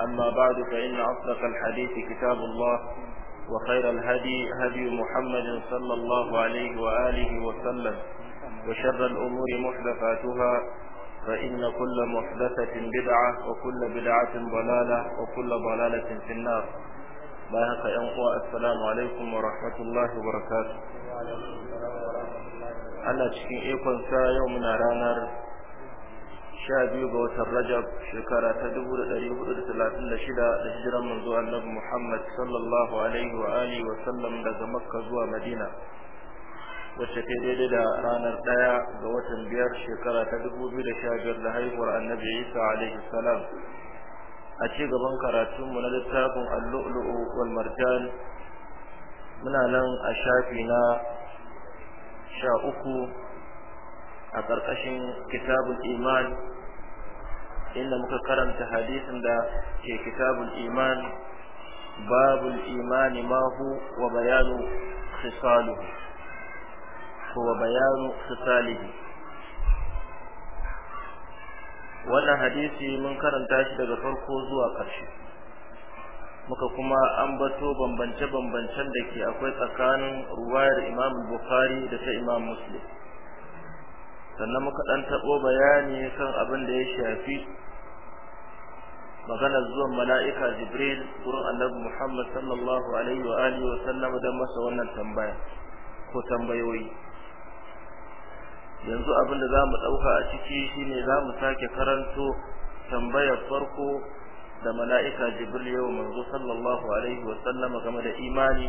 أما بعد فإن أصدق الحديث كتاب الله وخير الهدي هدي محمد صلى الله عليه وآله وسلم وشر الأمور محدثاتها فإن كل محدثة بدعة وكل بدعة ضلالة وكل ضلالة في النار باهق ينقوى السلام عليكم ورحمة الله وبركاته على cikin ikonsa yau muna ranar biyu ga watan Rajab shekara ta 1436 da hijiran manzo Annabi Muhammad sallallahu alaihi wa alihi wa sallam daga Makka zuwa Madina wacce ta daidai da ranar ɗaya ga watan biyar shekara ta 2015 da haihuwar Annabi Isa alaihi salam a ci gaban karatun mu na littafin Al-Lu'lu'u wal Marjan muna nan a shafi na 13 a ƙarƙashin kitabul iman inda muka karanta hadisin da ke kitabul iman babul imani mahu wa bayanu khisaluhu wa bayanu khisalihi wannan hadisi mun karanta shi daga farko zuwa ƙarshe muka kuma ambato bambance-bambancen da ke akwai tsakanin ruwayar imam bukhari da ta imam muslim sannan muka dan tabo bayani kan abin da ya shafi magana zuwan mala'ika jibril gurin annabi muhammad sallallahu alaihi wa alihi wa sallam da masa wannan tambaya ko tambayoyi yanzu abin da zamu dauka a ciki shine zamu sake karanto tambayar farko da mala'ika jibril yau manzo sallallahu alaihi wa sallam game da imani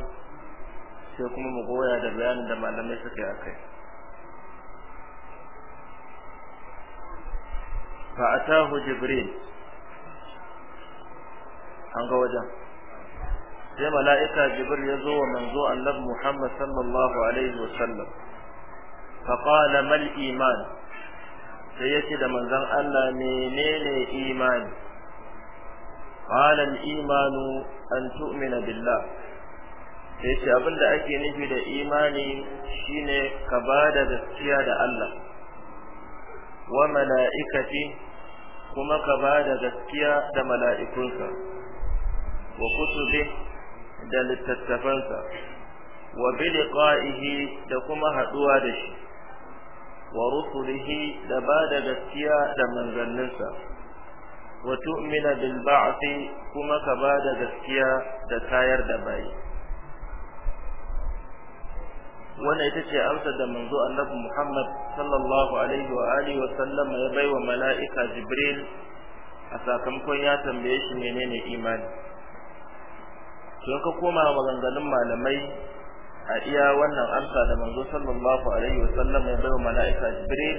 sai kuma mu goya da bayanin da malamai suka yi akai fa atahu jibril an ga wajen sai mala'ika jibril ya zo wa manzo annabi muhammad sallallahu alaihi wa sallam fa qala mal iman sai yace da manzon Allah menene imani qala al imanu an tu'mina billah sai yace abinda ake nufi da imani shine ka ba da gaskiya da Allah wa mala'ikati kuma ka ba da gaskiya da mala'ikunsa wa kutubi da littattafansa wa biliqa'ihi da kuma haɗuwa da shi wa rusulihi da ba da gaskiya da manzanninsa wa tu'mina bil ba'thi kuma ka ba da gaskiya da tayar da bayi wannan ita ce amsar da manzo annabi Muhammad sallallahu alaihi wa alihi wa sallam ya baiwa mala'ika Jibril a sakamakon ya tambaye shi menene imani kin ka koma maganganun malamai a iya wannan amsa da manzo sallallahu alaihi wa sallam ya baiwa mala'ika Jibril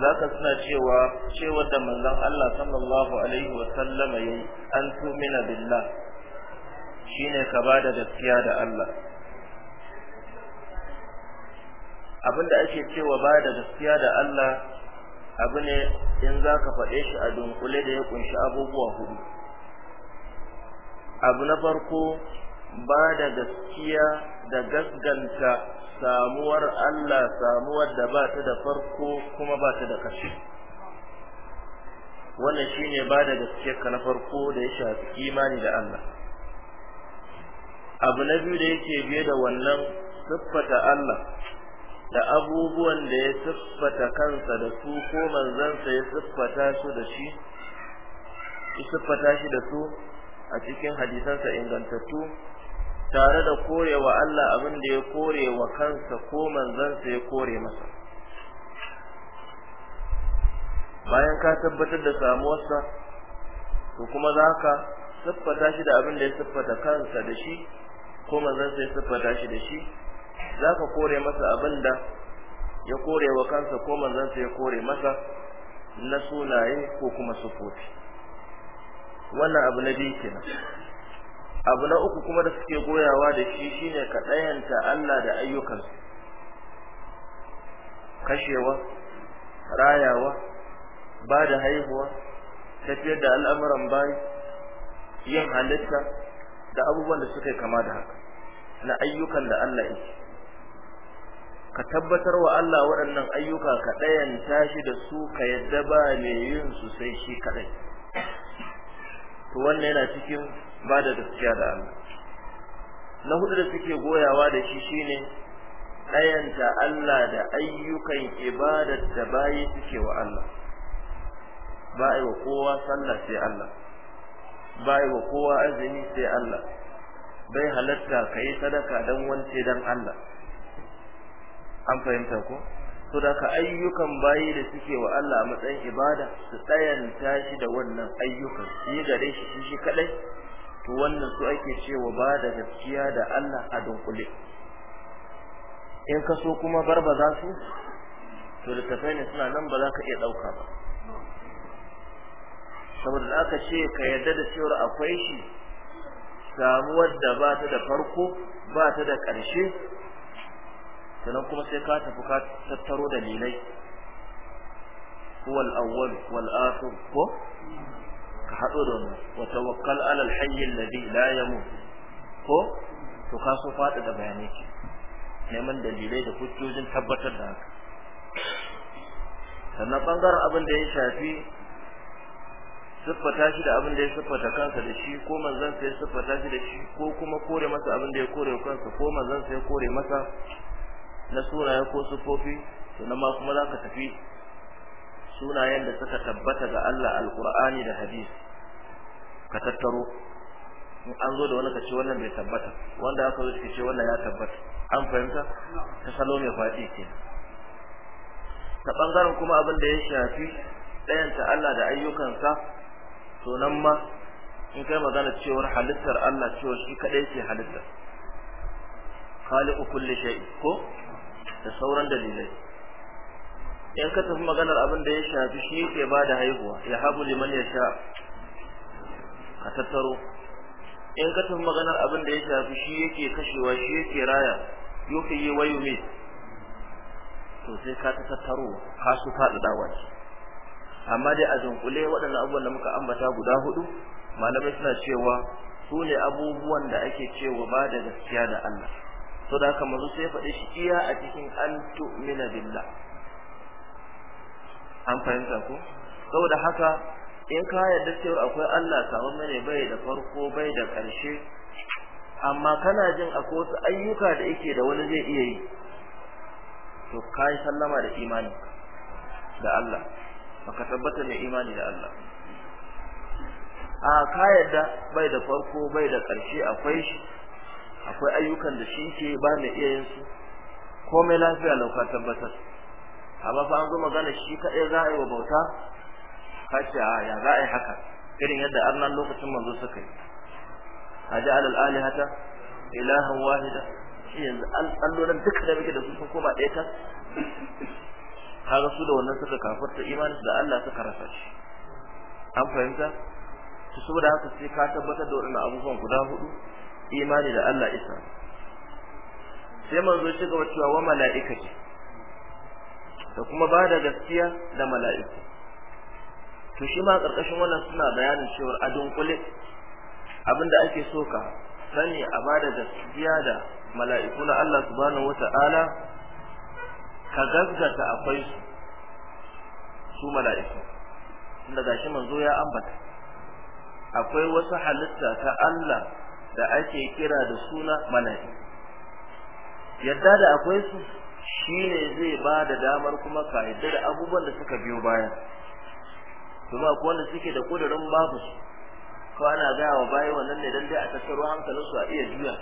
zaka suna cewa cewa da manzon Allah sallallahu alaihi wa sallam yayi an tumina billah shine ka bada gaskiya da Allah Abin abinda ake cewa ba da gaskiya da Allah abu ne in za ka faɗe shi a dunkule da ya kunshi abubuwa hudu abu na farko ba da gaskiya da gasganta samuwar Allah samuwar da ba ta da farko kuma ba ta da ƙarshe wannan shi ne ba da ka na farko da ya shafi imani da Allah abu na biyu da yake biye da wannan siffata Allah da abubuwan da ya siffata kansa da su ko manzansa ya siffata su da shi ya siffata shi da su a cikin hadisansa ingantattu tare da korewa Allah abin da ya korewa kansa ko manzansa ya kore masa bayan ka tabbatar da samuwarsa to kuma za ka siffata shi da abin da ya siffata kansa da shi ko manzansa ya siffata shi da shi za ka kore masa abin da ya kore wa kansa ko manzansa ya kore masa na sunaye ko kuma sufofi wannan abu na biyu kenan abu na uku kuma da suke goyawa da shi shine ka dayanta Allah da ayyukansu kashewa rayawa ba da haihuwa tafiyar da al'amuran bayi yin halitta da abubuwan da suka kama da haka na ayyukan da Allah yake ka tabbatar wa Allah waɗannan ayyuka ka ɗayan tashi da su ka yadda ba mai yin su sai shi kaɗai to wannan yana cikin ba da gaskiya da Allah na hudu da suke goyawa da shi shine ɗayanta Allah da ayyukan ibadar da bayi suke wa Allah ba a yi wa kowa sallah sai Allah ba a yi wa kowa azumi sai Allah bai halatta ka yi sadaka don wance don Allah an fahimta ko to da ka ayyukan bayi da suke wa Allah a matsayin ibada su tsayan tashi da wannan ayyukan shi gare shi shi kadai to wannan su ake cewa ba da gaskiya da Allah a dunkule in ka so kuma barbaza su to littafai ne suna nan ba za ka iya ɗauka ba saboda aka ce ka yarda da cewar akwai shi samuwar da ba ta da farko ba ta da ƙarshe sannan kuma sai ka tafi ka tattaro dalilai huwal awwal wal akhir ko ka hado da mu wa tawakkal ala al hayy alladhi la yamut ko to ka so fada da bayanai ki neman dalilai da hujjojin tabbatar da haka sannan bangaren abin da ya shafi siffata shi da abin da ya siffata kansa da shi ko manzon sai siffata shi da shi ko kuma kore masa abin da ya kore kansa ko manzon sai kore masa na sunaye ko sufofi to nan ma kuma za ka tafi sunayen da suka tabbata ga Allah alqur'ani da hadisi ka tattaro in an zo da wani ka ce wannan bai tabbata wanda aka zo kace wannan ya tabbata an fahimta ta salo mai fadi ke ta bangaren kuma abin da ya shafi ɗayanta Allah da ayyukansa to nan ma in kai magana cewar halittar Allah cewar shi kaɗai ke halitta. khaliqu kulli shay ko da sauran dalilai in ka tafi maganar abin da ya shafi shi yake ba da haihuwa ya habu liman ya sha ka tattaro in ka tafi maganar abin da ya shafi shi yake kashewa shi yake raya yi wayo mai to sai ka ta tattaro ka su dawa ce amma dai a zunkule waɗannan abubuwan da muka ambata guda hudu malamai suna cewa su ne abubuwan da ake cewa ba da gaskiya da Allah so da haka su sai faɗi shi iya a cikin an tu'mina billah an fahimta ko saboda haka in ka yarda cewa akwai Allah sabon mene bai da farko bai da ƙarshe amma kana jin akwai wasu ayyuka da yake da wani zai iya yi to kai sallama da imani da Allah baka tabbata mai imani da Allah a ka yarda bai da farko bai da ƙarshe akwai shi akwai ayyukan da shi ke ba mai iya yin su komai lafiya lauka tabbatar amma fa an zo magana shi kaɗai za a yi wa bauta kace a ya za a yi haka irin yadda arnan lokacin manzo suka yi a ji alal alihata ilahan wahida shi yanzu an tsallonan duka da muke da su sun koma ɗaya ta kaga su da wannan suka kafarta imanin da Allah suka rasa shi an fahimta su saboda haka sai ka tabbatar da waɗannan abubuwan guda hudu imani da Allah isa sai manzo shi ga cewa wa mala'ikati da kuma ba da gaskiya da mala'iku to shi ma karkashin wannan suna bayanin cewa a dunkule abinda ake so ka sani a ba da gaskiya da mala'iku na Allah subhanahu wata'ala ka gaggata akwai su su mala'iku tunda gashi manzo ya ambata akwai wasu halitta ta Allah da ake kira da suna mala'i yadda da akwai su shine zai ba da damar kuma ka yadda da abubuwan da suka biyo baya kuma ko wanda suke da kudurin babu su ko ana gaya wa bayi wannan ne dan dai a tattaro su a iya juya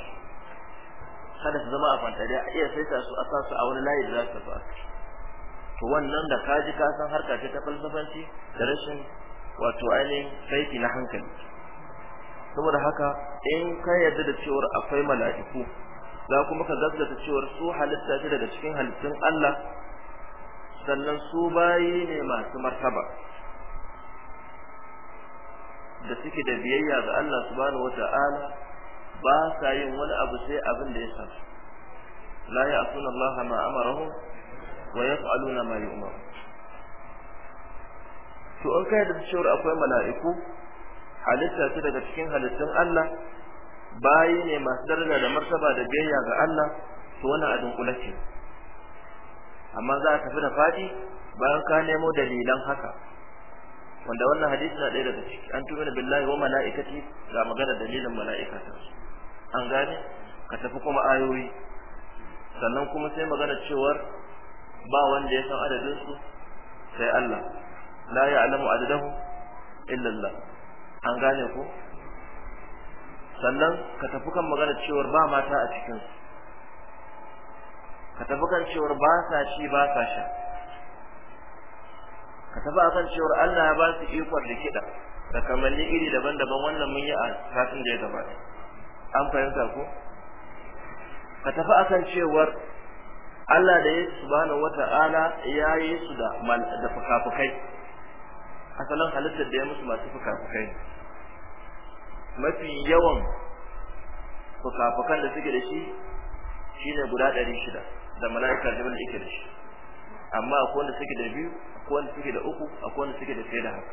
kada su zama a dai, a iya saita su a sa su a wani layi da za su ba to wannan da kaji ka san harka ce ta falsafanci da rashin wato ainihin saiti na hankali saboda haka in ka yarda da cewar akwai mala'iku za kuma ka gaskata cewar su halitta ce daga cikin halittun Allah sannan su bayi ne masu martaba da suke da biyayya ga Allah subhanahu wata'ala ba sa yin wani abu sai abin da ya sa la ya'suna Allah ma amarahu wa yaf'aluna ma yu'maru to an kai da cewar akwai mala'iku halitta su daga cikin halittun Allah bayi ne masu daraja da martaba da biyayya ga Allah to wannan a dunkula ce amma za a tafi da fadi bayan ka nemo dalilan haka wanda wannan hadisi na ɗaya daga ciki an tumina billahi wa mala'ikati ga magana dalilin mala'ikata an gane ka tafi kuma ayoyi sannan kuma sai magana cewar ba wanda ya san adadin su sai Allah la ya'lamu adadahu illa Allah an gane ko sannan ka tafi kan magana cewar ba mata a cikin ka tafi kan cewar ba sa ci ba sa sha ka tafi kan cewar Allah ya ba su ikon da kiɗa da kamanni iri daban-daban wannan mun yi a satin da ya gabata an fahimta ko ka tafi kan cewar Allah da ya subhanahu wata'ala ya yi su da fuka-fukai asalin halittar da ya musu masu fuka mafi yawan fukafukan da suke da shi shine guda ɗari shida da mala'ika wanda yake da shi amma akwai wanda suke da biyu akwai wanda suke da uku akwai wanda suke da fiye da haka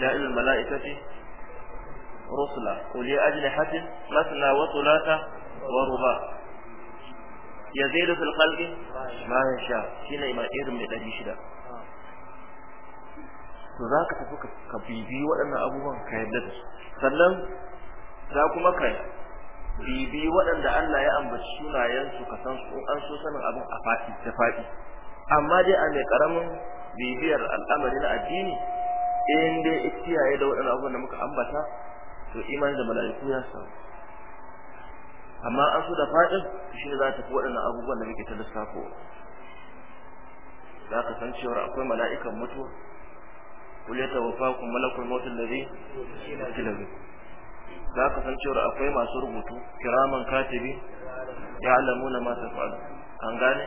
da'il mala'ikati rusula masana wasu masna wa thulatha wa ruba yazidu fil qalbi ma yasha shine ma irin mai ɗari shida to za ka tafi ka bibi waɗannan abubuwan ka yadda da su sannan za kuma ka bibi waɗanda Allah ya ambaci sunayensu ka san su an so sanin abin a faɗi da faɗi amma dai a mai ƙaramin bibiyar al'amari na addini in dai kiyaye da waɗannan abubuwan da muka ambata to imani da mala'iku ya samu amma an so da faɗin shi ne za ta fi waɗannan abubuwan da muke ta lissafo za ka san cewa akwai mala'ikan mutuwa kul ya tawaffakum malakul maut allazi yukila bi za ka san cewa akwai masu rubutu kiraman katibi ya alamuna ma tafa'alu an gane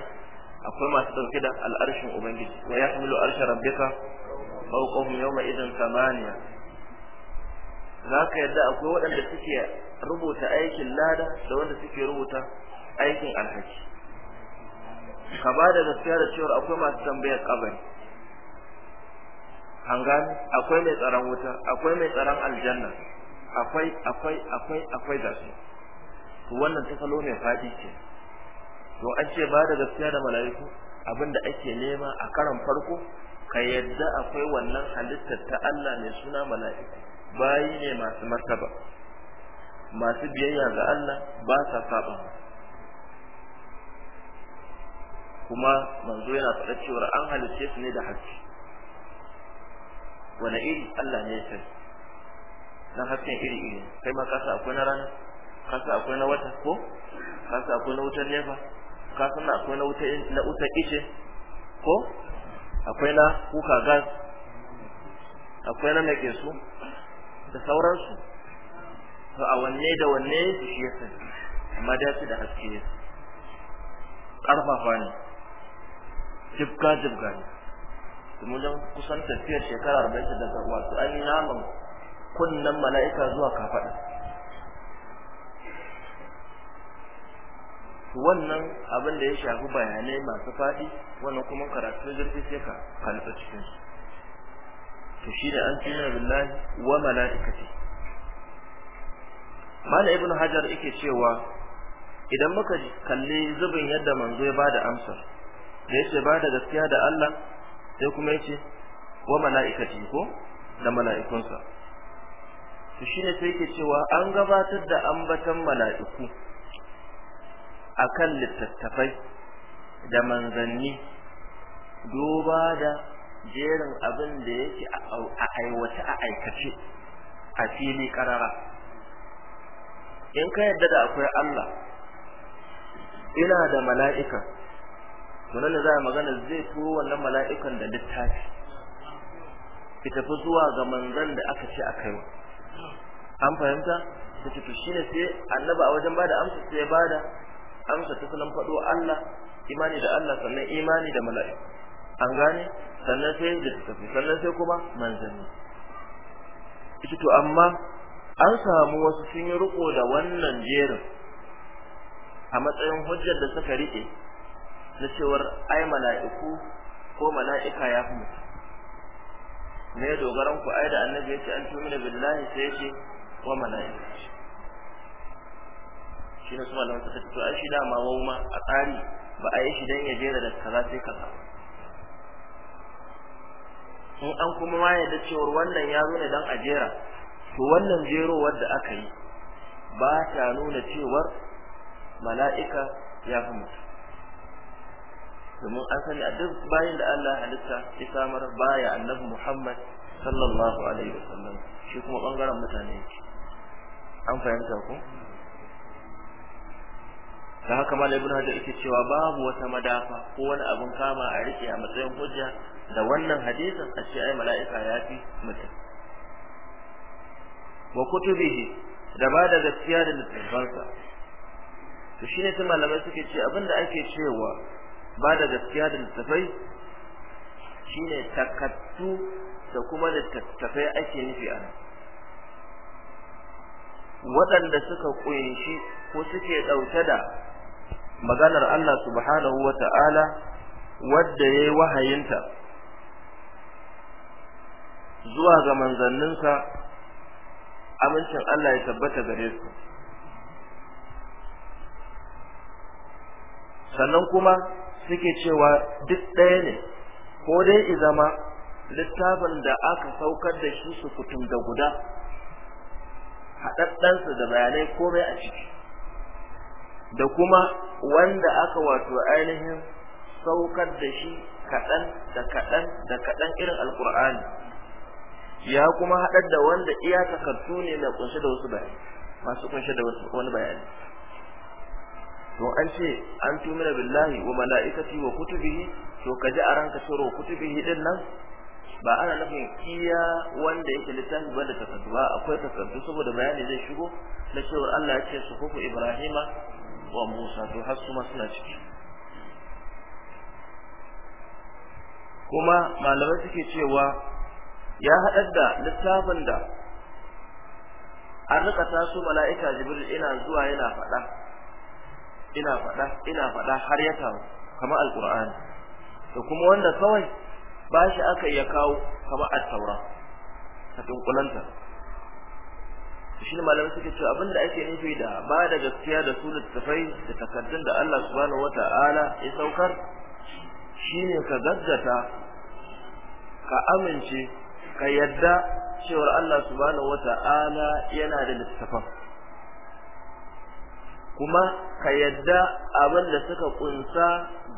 akwai masu dauke da al'arshin ubangiji wa yahmilu arsha rabbika fawqahum yawma idan samaniya za ka yadda akwai waɗanda suke rubuta aikin lada da wanda suke rubuta aikin alhaki ka ba da gaskiya da cewa akwai masu tambayar kabari an gane akwai mai tsaron wuta akwai mai tsaron aljanna akwai akwai akwai akwai da su to wannan ta salo mai faɗi ce to an ce ba da gaskiya da mala'iku abinda ake nema a karan farko ka yadda akwai wannan halittar ta Allah mai suna mala'iku bayi ne masu martaba masu biyayya ga Allah ba sa saba kuma manzo yana faɗa cewa an halicce su ne da hakki wani iri Allah ne ya sani dan hasken iri iri kai ma kasa akwai na rana kasa akwai na wata ko kasa akwai na wutar nefa kasa na akwai na wutar ice ko akwai na kuka gas akwai na nake su da sauransu to a wanne da wanne su shi ya amma da su da haske ne karfafa ne jibga jibga ne domin wajen kusan tafiyar shekara arba'in daga wato an yi naman kunnen mala'ika zuwa kafaɗa wannan abin da ya shafi bayanai masu faɗi wannan kuma karatu zurfi sai ka kalfa cikin su to shi da an tuna billahi wa mala'ikati mala ibn hajar yake cewa idan muka kalli zubin yadda manzo ya bada amsa da yace ba da gaskiya da Allah sai kuma yace wa mala'ikati ko da mala'ikunsa to shine sai yake cewa an gabatar da ambatan mala'iku akan littattafai da manzanni duba da jerin abin da yake a aiwata a aikace a fili karara in ka yadda da akwai Allah ina da mala'ika to nan za a magana zai turo wannan mala'ikan da littafi ki tafi zuwa ga manzon da aka ce aka yi an fahimta ta ce to shine sai annabi a wajen bada amsa sai ya bada amsa ta sunan fado Allah imani da Allah sannan imani da mala'ika an gane sannan sai da tafi sannan sai kuma manzanni kici to amma an samu wasu sun yi riko da wannan jerin a matsayin hujjar da suka rike na cewar ai mala'iku ko mala'ika ya fi mutu, me dogaran ku ai da annabi yace an da billahi sai yace wa mala'ika shi ne su malaman ta to ai shi dama wauma a tsari ba a yi shi dan ya jera da kaza sai kaza in an kuma ma yadda cewar wannan ya zo ne dan a jera to wannan jerowar da aka yi ba ta nuna cewar mala'ika ya fi mutu. domin an sani a duk bayan da Allah halitta ya samar baya annabi Muhammad sallallahu alaihi wasallam shi kuma bangaren mutane yake an fahimta ku? da haka malai ibn hajar yake cewa babu wata madafa ko wani abin kama a rike a matsayin hujja da wannan hadisin a ce ai mala'ika ya fi mutum wa kutubihi da ba da gaskiya da littafansa to shine sai malamai suke ce abinda ake cewa ba da gaskiya da littafai shine takattu da kuma littattafai ake nufi a waɗanda suka ƙunshi ko suke ɗauke da maganar Allah subhanahu wa ta'ala wadda ya yi wahayinta zuwa ga manzanninsa amincin Allah ya tabbata gare su sannan kuma suke cewa duk ɗaya ne ko dai i zama littafin da aka saukar da shi su kutum da guda haɗaɗɗansu da bayanai komai a ciki da kuma wanda aka wato ainihin saukar da shi kaɗan da kaɗan da kaɗan irin alkur'ani ya kuma haɗar da wanda iya takardu ne na kunshe da wasu bayani masu kunshe da wani bayani to an ce an tumina billahi wa mala'ikati wa kutubihi to ka ji a ranka cewa kutubihi din nan ba ana nufin iya wanda yake littafi da takardu ba akwai takardu saboda bayani zai shigo na cewa Allah ya ce su kuku Ibrahima wa Musa to har su suna ciki kuma malamai suke cewa ya haɗar da littafin da an rika taso mala'ika jibril ina zuwa yana faɗa ina faɗa ina faɗa har ya taru kamar alqur'ani da kuma wanda kawai ba shi aka iya kawo kamar at-taura ta dunkulanta shi malamai suke cewa abinda ake nufi da ba da gaskiya da su tafai da takardun da Allah subhanahu wata'ala ya saukar shine ka gaggata ka amince ka yadda cewar Allah subhanahu wata'ala yana da littafin kuma ka yadda abin da suka kunsa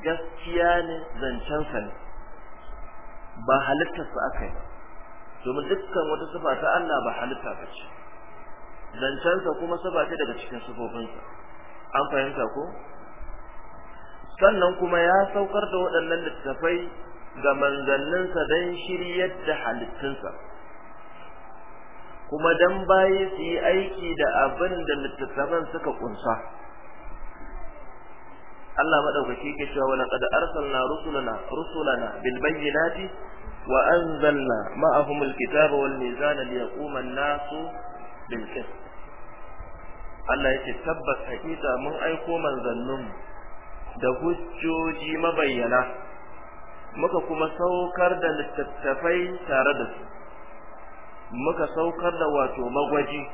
gaskiya ne zancensa ne ba halittarsa aka yi domin dukkan wata sifa ta Allah ba halitta ba ce zancensa kuma sifa ce daga cikin sifofinsa an fahimta ko sannan kuma ya saukar da waɗannan littattafai ga manzanninsa don shiryar da halittunsa kuma don bayi su yi aiki da abin da littattafan suka kunsa Allah madaukaki yake cewa wala qad arsalna rusulana rusulana bil bayyinati wa anzalna ma'ahum al kitaba wal mizana liyaquma an-nasu bil qist Allah yake tabbas hakika mun aiko manzannin da hujjoji mabayyana muka kuma saukar da littattafai tare da su muka saukar da wato magwaji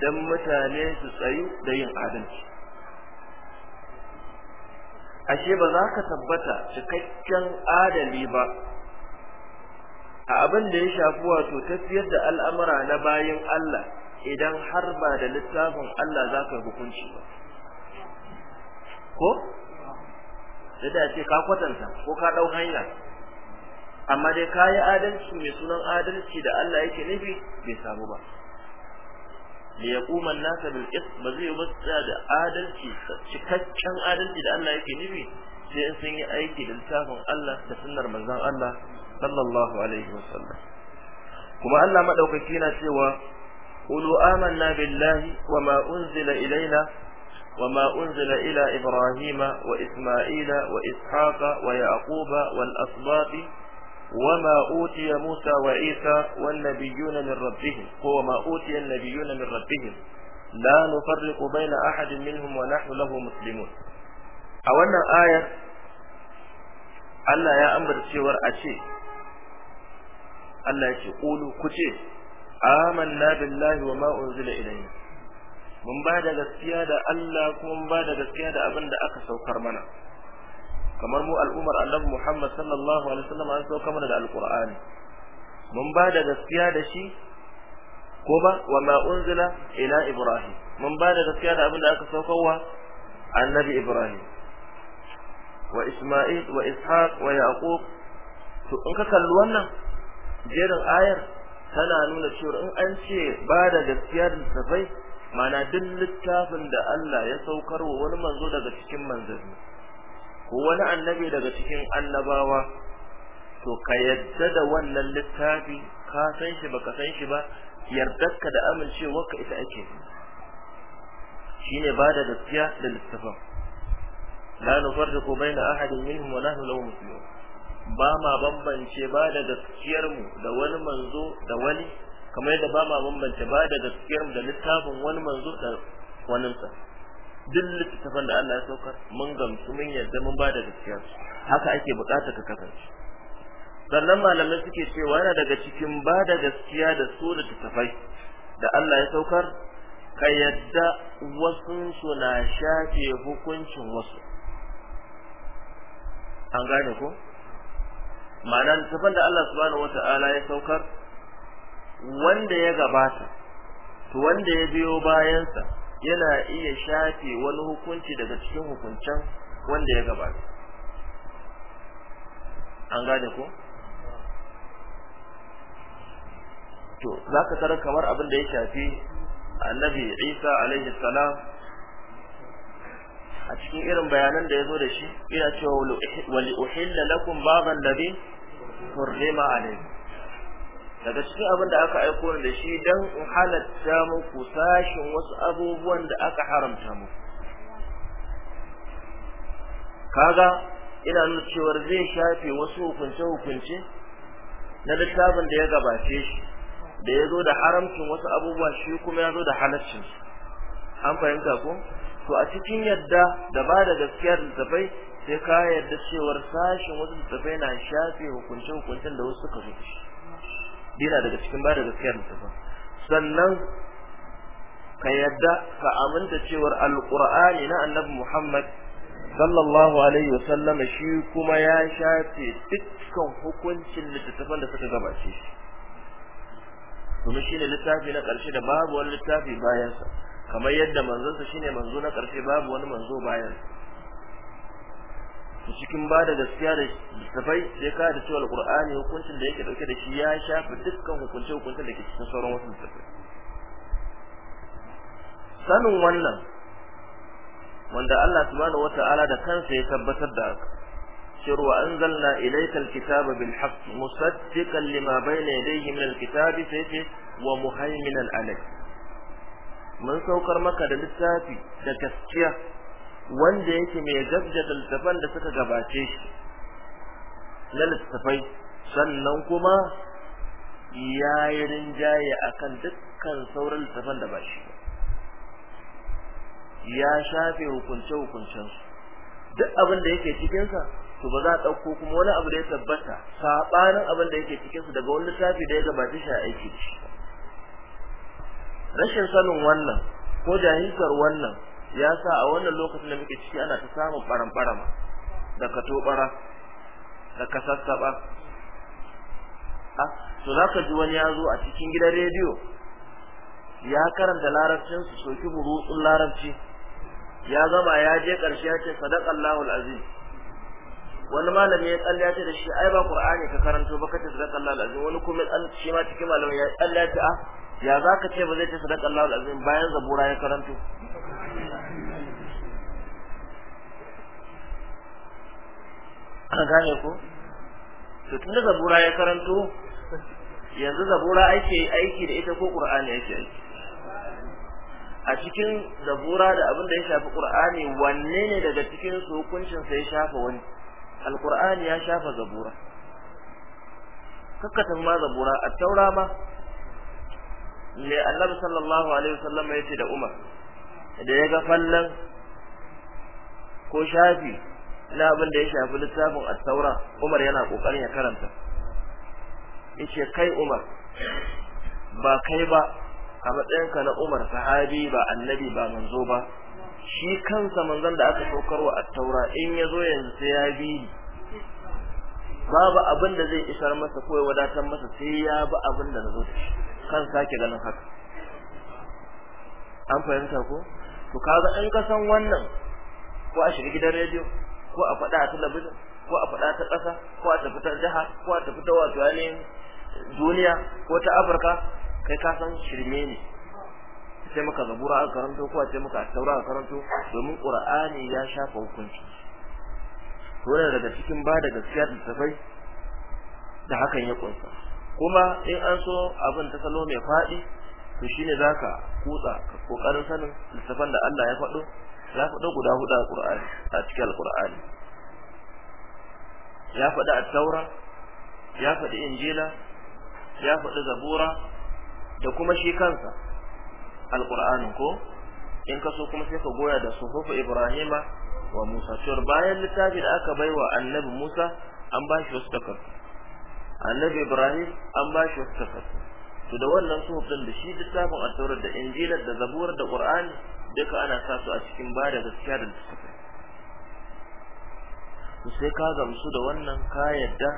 don mutane su tsayu da yin adalci ashe ba za ka tabbata cikakken adali ba a abin da ya shafi wato tafiyar da al'amura na bayan Allah idan har ba da littafin Allah za ka hukunci ba ko da da ce ka kwatanta ko ka ɗau hanya amma dai ka yi adalci mai sunan adalci da Allah yake nufi bai samu ba da ya kuma nasa bil qist ba zai ba tsaya da adalci cikakken adalci da Allah yake nufi sai in sun yi aiki da littafin Allah da sunnar manzon Allah sallallahu alaihi wa wasallam kuma Allah madaukaki yana cewa qulu amanna billahi wama unzila ilaina وما أنزل إلى إبراهيم وإسماعيل وإسحاق ويعقوب والأصباط وما أوتي موسى وعيسى والنبيون من ربهم هو ما أوتي النبيون من ربهم لا نفرق بين أحد منهم ونحن له مسلمون أولا آية Allah ya ambata cewar a ce Allah ya ce ƙulu ku ce amanna billahi wa ma unzila ilayna mun ba da gaskiya da Allah kuma mun ba da gaskiya da abin da aka saukar mana kamar mu al'ummar annabi Muhammad sallallahu alaihi wasallam an sauka mana da alqur'ani mun ba da gaskiya da shi ko ba wa ma unzila ila ibrahim mun ba da gaskiya da abin da aka sauka wa annabi ibrahim wa isma'il wa ishaq wa yaqub to in ka kalli wannan jerin ayar tana nuna cewa in an ce ba da gaskiya da tafai mana duk littafin da Allah ya saukar wa wani manzo daga cikin manzanni ko wani annabi daga cikin annabawa to ka yadda da wannan littafi ka san shi baka san shi ba yardarka da amincewarka ita ake shine bada gaskiya da littafin la nufarriqu baina ahadin minhum wa nahnu lahu muslimun ba ma bambance ba da gaskiyar mu da wani manzo da wani kamar da ba ma bambance ba da gaskiyar mu da littafin wani manzo da wani sa duk littattafan da Allah ya saukar mun gamsu mun yadda mun bada gaskiya haka ake bukata ka kasance sannan malamai suke cewa yana daga cikin bada gaskiya da su da tafai da Allah ya saukar ka yadda wasu suna shafe hukuncin wasu an gane ko ma'ana littattafan da Allah subhanahu wata'ala ya saukar wanda ya gabata to wanda ya biyo bayansa yana iya shafe wani hukunci daga cikin hukuncen wanda ya gabata an gane ko to za ka tarar kamar abin da ya shafi annabi isa alaihi salam a cikin irin bayanan da ya zo da shi ina cewa wali uhilla lakum ba'd alladhi hurrima alaykum daga cikin abin da aka aiko ni da shi dan in halatta muku sashin wasu abubuwan da aka haramta muku kaga ina nuna cewar zai shafe wasu hukunce-hukunce na littafin da ya gabace shi da ya zo da haramcin wasu abubuwa shi kuma ya zo da halaccin an fahimta ko to a cikin yadda da ba da gaskiya da tafai sai ka yarda cewar sashin wasu tafai na shafe hukunce-hukuncen da wasu suka zo shi dina daga cikin bada da gaskiyar littafin sannan ka yadda ka aminta cewar alqur'ani na annabi Muhammad sallallahu alaihi wasallama shi kuma ya shafe dukkan hukuncin littattafan da suka gabace shi kuma shine littafi na ƙarshe da babu wani littafi bayansa kamar yadda manzonsa shine manzo na ƙarshe babu wani manzo bayansa cikin ba da gaskiya da littafai sai ka da cewa alqur'ani hukuncin da yake dauke da shi ya shafi dukkan hukunce hukuncin da ke cikin sauran wasu littafai sanin wannan wanda Allah subhanahu wata'ala da kansa ya tabbatar da haka shiru anzalna ilaykal kitaba bil haqq musaddiqan lima bayna yadayhi min alkitabi sayfi wa muhaiminal alayh mun saukar maka da littafi da gaskiya wanda yake mai jajjada littafan da suka gabace shi na littafai sannan kuma ya yi rinjaye akan dukkan sauran littafan da ba shi ya shafe hukunce su duk abin da yake cikinsa to ba za a dauko kuma wani abu da ya tabbata sabanin abin da yake cikinsa daga wani litafi da ya gabace shi a aiki rashin sanin wannan ko jahilkar wannan ya sa a wannan lokacin da muke ciki ana ta samun baran-baran da katobara da kasassaba a ah, to za ka ji wani ya zo a cikin gidan rediyo ya karanta larabcin su soki burutsun larabci ya zama ya je ƙarshe ya ce sadaqallahu alazim wani malami ya tsalle ya ce da shi ai ba qur'ani ka karanto ba kace sadaqallahu alazim wani kuma tsan shi ma cikin malami ya tsalle ya ce a ah, ya zaka ce ba zai ce sadaqallahu alazim bayan zabura ya karanto an gane ku to tun da zabura ya karanto yanzu zabura ake aiki da ita ko qur'ani ake aiki a cikin zabura da abin da ya shafi qur'ani wanne ne daga cikin su hukuncin sai ya shafa wani alqur'ani ya shafa zabura kakkatan ma zabura at-taura ma ne annabi sallallahu alaihi wasallam ya ce da umar da ya ga fallan ko shafi na abin da ya shafi littafin attaura umar yana kokarin ya karanta yace kai umar ba kai ba a matsayinka na umar sahabi ba annabi ba manzo ba shi kansa manzon da aka saukarwa attaura in ya zo yanzu sai ya bi babu abin da zai isar masa ko ya wadatar masa sai ya ba abin da na zo kan sake ganin haka an fahimta ko to kaga in ka san wannan ko a shiga gidan rediyo ko a faɗa a talabijin ko a faɗa ta ƙasa ko a tafi ta jiha ko a tafi ta wato yanayin duniya ko ta afirka kai ka san shirme ne sai muka zabura a karanto ko a ce muka taura a karanto domin qur'ani ya shafa hukunci to daga cikin ba da gaskiya da tafai da hakan ya kunsa kuma in an so abin ta salo mai faɗi to shine zaka kutsa kokarin sanin littafin da Allah ya faɗo ya faɗo guda hudu a Qur'ani a cikin Al-Qur'ani ya faɗi at-Taura ya faɗi Injila ya faɗi Zabura da kuma shi kansa Al-Qur'anin ko in ka so kuma sai ka goya da suhufu Ibrahima wa Musa To bayan littafin da aka baiwa Annabi Musa an ba shi wasu takardu Annabi Ibrahim an ba shi wasu takardu to da wannan suhufin da shi littafin attaurar da injilar da zaburar da qur'ani duka ana sa su a cikin ba da gaskiya da to sai ka gamsu da wannan ka yadda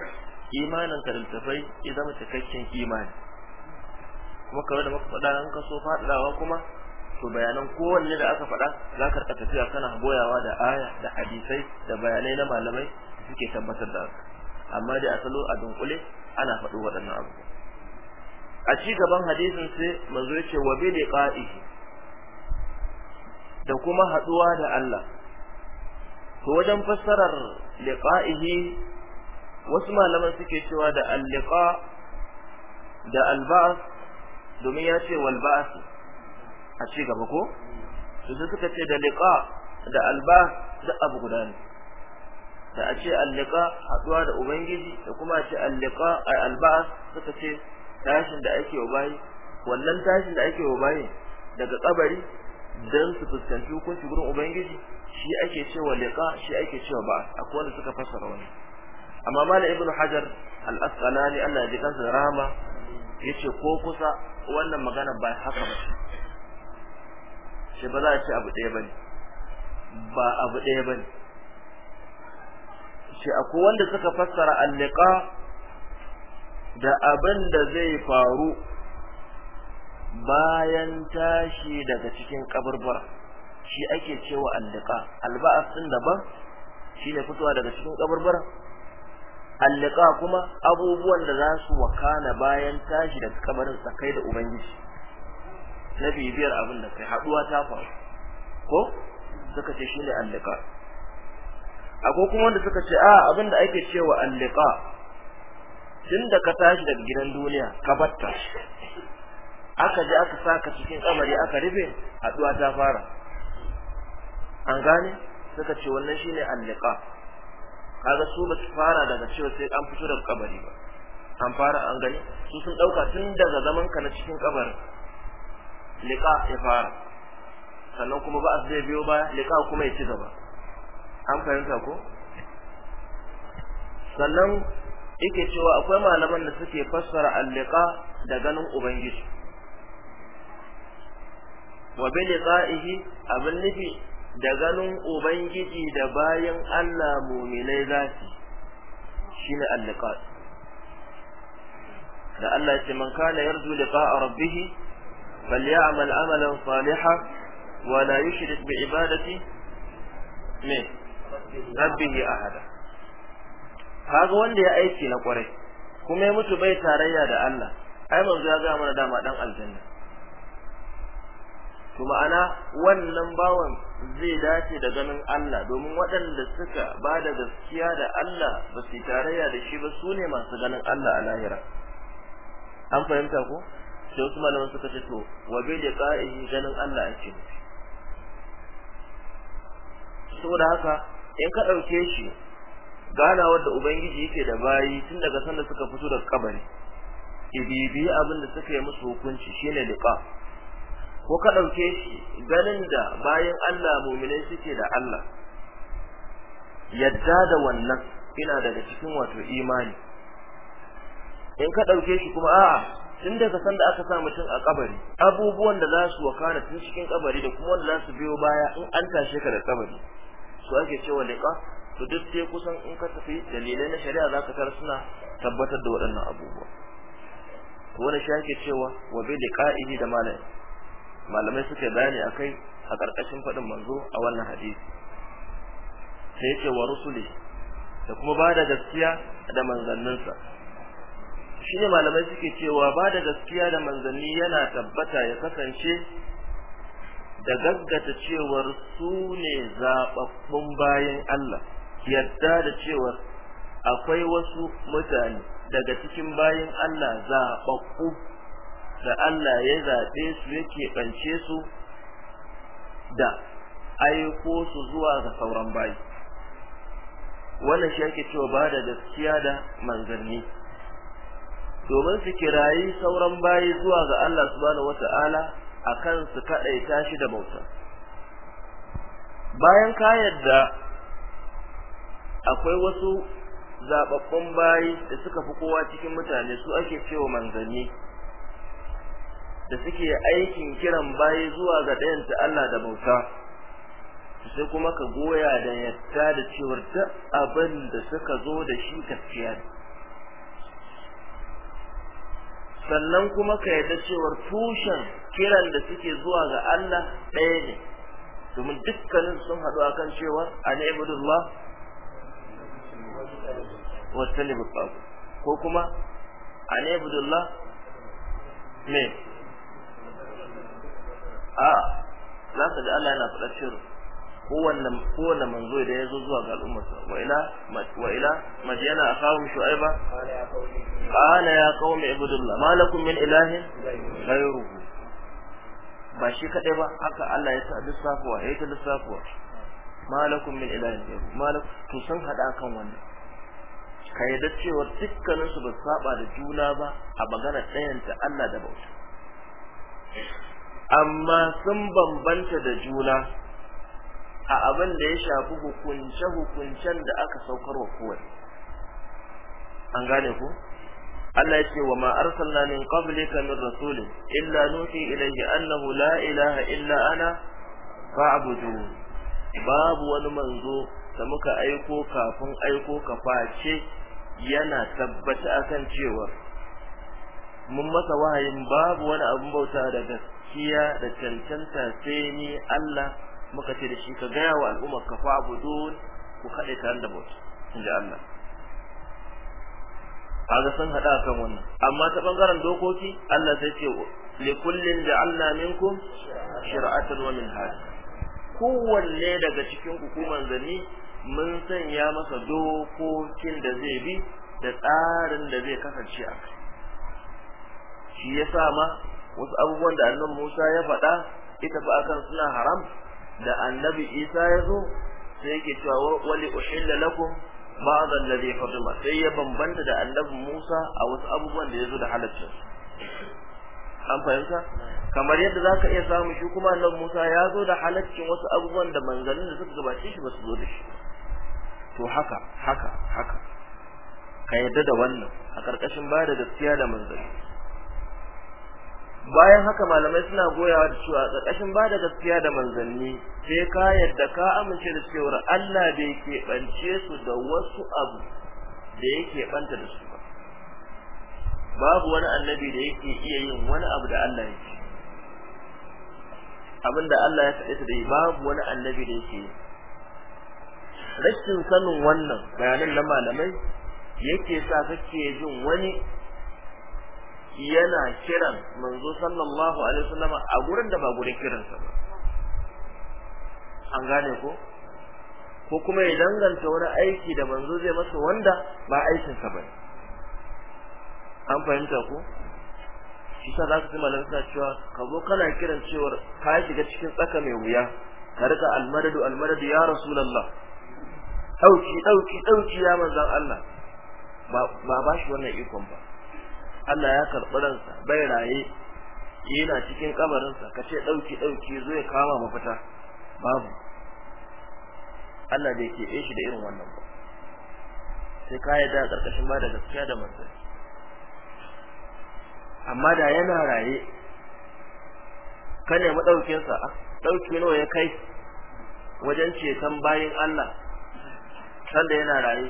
imanin ka littafai ya zama cikakken imani kuma kawai da muka faɗa an kaso so faɗawa kuma to bayanan kowanne da aka faɗa za ka rika tafiya kana goyawa da aya da hadisai da bayanai na malamai suke tabbatar da amma dai a salo a dunkule ana faɗo waɗannan abubuwa a ci gaban hadisin sai manzo yace wa bi liqa'ihi da kuma haduwa da Allah to wajen fassarar liqa'ihi wasu malaman suke cewa da al-liqa da al-ba'th domin ya ce wal ba'th a ci gaba ko to sai suka ce da liqa da al-ba'th da abu guda ne da a ce al-liqa haduwa da ubangiji da kuma a ce al-liqa al-ba'th suka ce tashin da ake wa bayi wannan tashin da ake wa bayi daga kabari dan su fuskanci hukunci gurin ubangiji shi ake cewa liqa shi ake cewa ba akwai wanda suka fassara wani amma mala ibnu hajar al-asqalani Allah ya ji kansa rahama yace ko kusa wannan magana ba haka ba shi ba za a ce abu ɗaya bane ba abu ɗaya bane shi akwai wanda suka fassara al-liqa da abin da zai faru bayan tashi daga cikin kaburbura shi ake cewa allika alba'as din daban ne fitowa daga cikin kaburbura Alliƙa kuma abubuwan da za su wakana bayan tashi daga kabarin tsakai da ubangiji na bibiyar abin da kai haduwa ta faru ko suka ce shi ne alliƙa? akwai kuma wanda suka ce a abin da ake cewa alliƙa. tun da ka tashi daga gidan duniya ka batta aka ji aka saka cikin kamari aka rufe haduwa ta fara an gane suka ce wannan ne alliƙa. kaga su ba su fara daga cewa sai an fito daga kamari ba an fara an gani su sun ɗauka tun daga zaman ka na cikin kabarin liƙa ya fara sannan kuma ba a zai biyo baya liƙa kuma ya ci gaba an fahimta ko sannan yake cewa akwai malaman da suke fassara alliqa da ganin ubangiji wa bi liqa'ihi abin nufi da ganin ubangiji da bayan Allah mu'minai zasu shine alliqa da Allah ya ce man kana yarju liqa'a rabbih falyamal amalan salihan wa la yushrik bi ibadati min rabbih ahada kaga wanda ya aiki na kwarai kuma ya mutu bai tarayya da Allah ai manzo ya ga mana dama dan aljanna to ma'ana wannan bawan zai dace da ganin Allah domin waɗanda suka ba da gaskiya da Allah ba su tarayya da shi ba su ne masu ganin Allah a lahira an fahimta ko sai wasu malaman suka ce to wa da liqa'ihi ganin Allah ake saboda haka in ka ɗauke shi ganawar da ubangiji yake da bayi tun daga sanda suka fito daga kabari ibibi abin da suka yi musu hukunci shine liqa ko ka dauke shi ganin da bayan Allah mu'minai suke da Allah yadda da wannan ina daga cikin wato imani in ka dauke shi kuma a'a tun daga sanda aka sa mutum a kabari abubuwan da za su wakana tun cikin kabari da kuma wanda za su biyo baya in an tashe ka da kabari su ake cewa liqa to duk sai kusan in ka tafi dalilai na shari'a za ka tara suna tabbatar da waɗannan abubuwa to wani shi ake cewa wa bai da ka'idi da malamai malamai suke bayani akai a ƙarƙashin faɗin manzo a wannan hadisi sai ce wa rusuli da kuma ba da gaskiya da manzanninsa shi ne malamai suke cewa ba da gaskiya da manzanni yana tabbata ya kasance da gaggata cewar su ne zaɓaɓɓun bayan Allah yadda da cewar akwai wasu mutane daga cikin bayan Allah za zaɓaɓɓu da Allah ya zaɓe su yake ɓance su da aiko su zuwa ga sauran bayi wannan shi ake cewa ba da gaskiya da manzanni domin su kirayi sauran bayi zuwa ga Allah subhanahu wata'ala kan su kaɗaita shi da bauta bayan ka da. akwai wasu zababbun bayi da suka fi kowa cikin mutane su ake cewa manzanni da suke aikin kiran bayi zuwa ga ɗayan ta Allah da bauta sai kuma ka goya da yadda da cewar duk abin da suka zo da shi gaskiya sannan kuma ka yadda cewar tushen kiran da suke zuwa ga Allah ɗaya ne domin dukkanin sun haɗu akan cewa an ibadullah wasallim babu ko kuma an ibudullah me a za ka ji Allah yana faɗa cewa kowanne kowanne manzo da ya zo zuwa ga sa wa ila wa ila madiyana akhahum shu'aiba qala ya qaumi ibudullah ma lakum min ilahin ghayruhu ba shi kadai ba haka Allah ya sa safuwa ya ta safuwa ma lakum min ilahin ghayruhu ma lakum to san hada kan wannan ka yi cewa dukkanin su ba saba da juna ba a magana ta Allah da bauta amma sun bambanta da juna a abin da ya shafi hukunce-hukuncen da aka saukar wa an gane ku Allah ya ce wa ma arsalna min qablika min rasulin illa nuhi ilayhi annahu la ilaha illa ana fa'budu babu wani manzo da muka aiko kafin aiko ka face yana tabbata akan cewa mun masa wahayin babu wani abun bauta da gaskiya da cancanta sai ni Allah muka ce da shi ka gaya wa al'ummar ka fa'budun ku kaɗai tare da bauta in ji Allah kaga sun hada kan wannan amma ta bangaren dokoki Allah sai ce li kullin ja'alna minkum shir'atan wa minhaj kowanne daga cikin hukumar zani. mun sanya masa dokokin da zai bi da tsarin da zai kasance a kai shi ya sa ma wasu abubuwan da annabi Musa ya faɗa ita ba akan suna haram da annabi Isa ya zo sai yake cewa wali uhilla lakum ba'd alladhi harrama sai ya bambanta da annabi Musa a wasu abubuwan da ya zo da halaccin an fahimta kamar yadda zaka iya samu shi kuma annabi Musa ya zo da halaccin wasu abubuwan da manzannin da suka gabace shi ba su zo da shi to haka haka haka ka yadda da wannan a karkashin ba da gaskiya da manzali bayan haka malamai suna goyawa da cewa karkashin ba da gaskiya da manzanni sai ka yadda ka amince da cewar Allah da yake bance su da wasu abu da yake banta da su babu wani annabi da yake iya yin wani abu da Allah yake abinda Allah ya faɗi da babu wani annabi da yake yi rashin sanin wannan bayanan na malamai yake sa kake jin wani yana kiran manzo sallallahu alaihi wasallam a gurin da ba gurin kiransa ba an gane ko ko kuma ya danganta wani aiki da manzo zai masa wanda ba aikinsa ba an fahimta ko shi sa za ka ji malamai suna cewa ka zo kana kiran cewar ka shiga cikin tsaka mai wuya ka rika almadadu almadadu ya rasulullah Dauki, dauki, dauki, ya manzan Allah ba ba shi wannan ikon ba Allah ya karɓi ransa bai raye yana cikin kamarinsa ka ce dauki, dauki, zo ya kama mafita babu Allah da ke shi da irin wannan ba sai ka yi da karkashin ba da gaskiya da manzanni amma da yana raye ka nemi ɗaukinsa ɗauki nawa ya kai wajen ceton bayin Allah sanda yana raye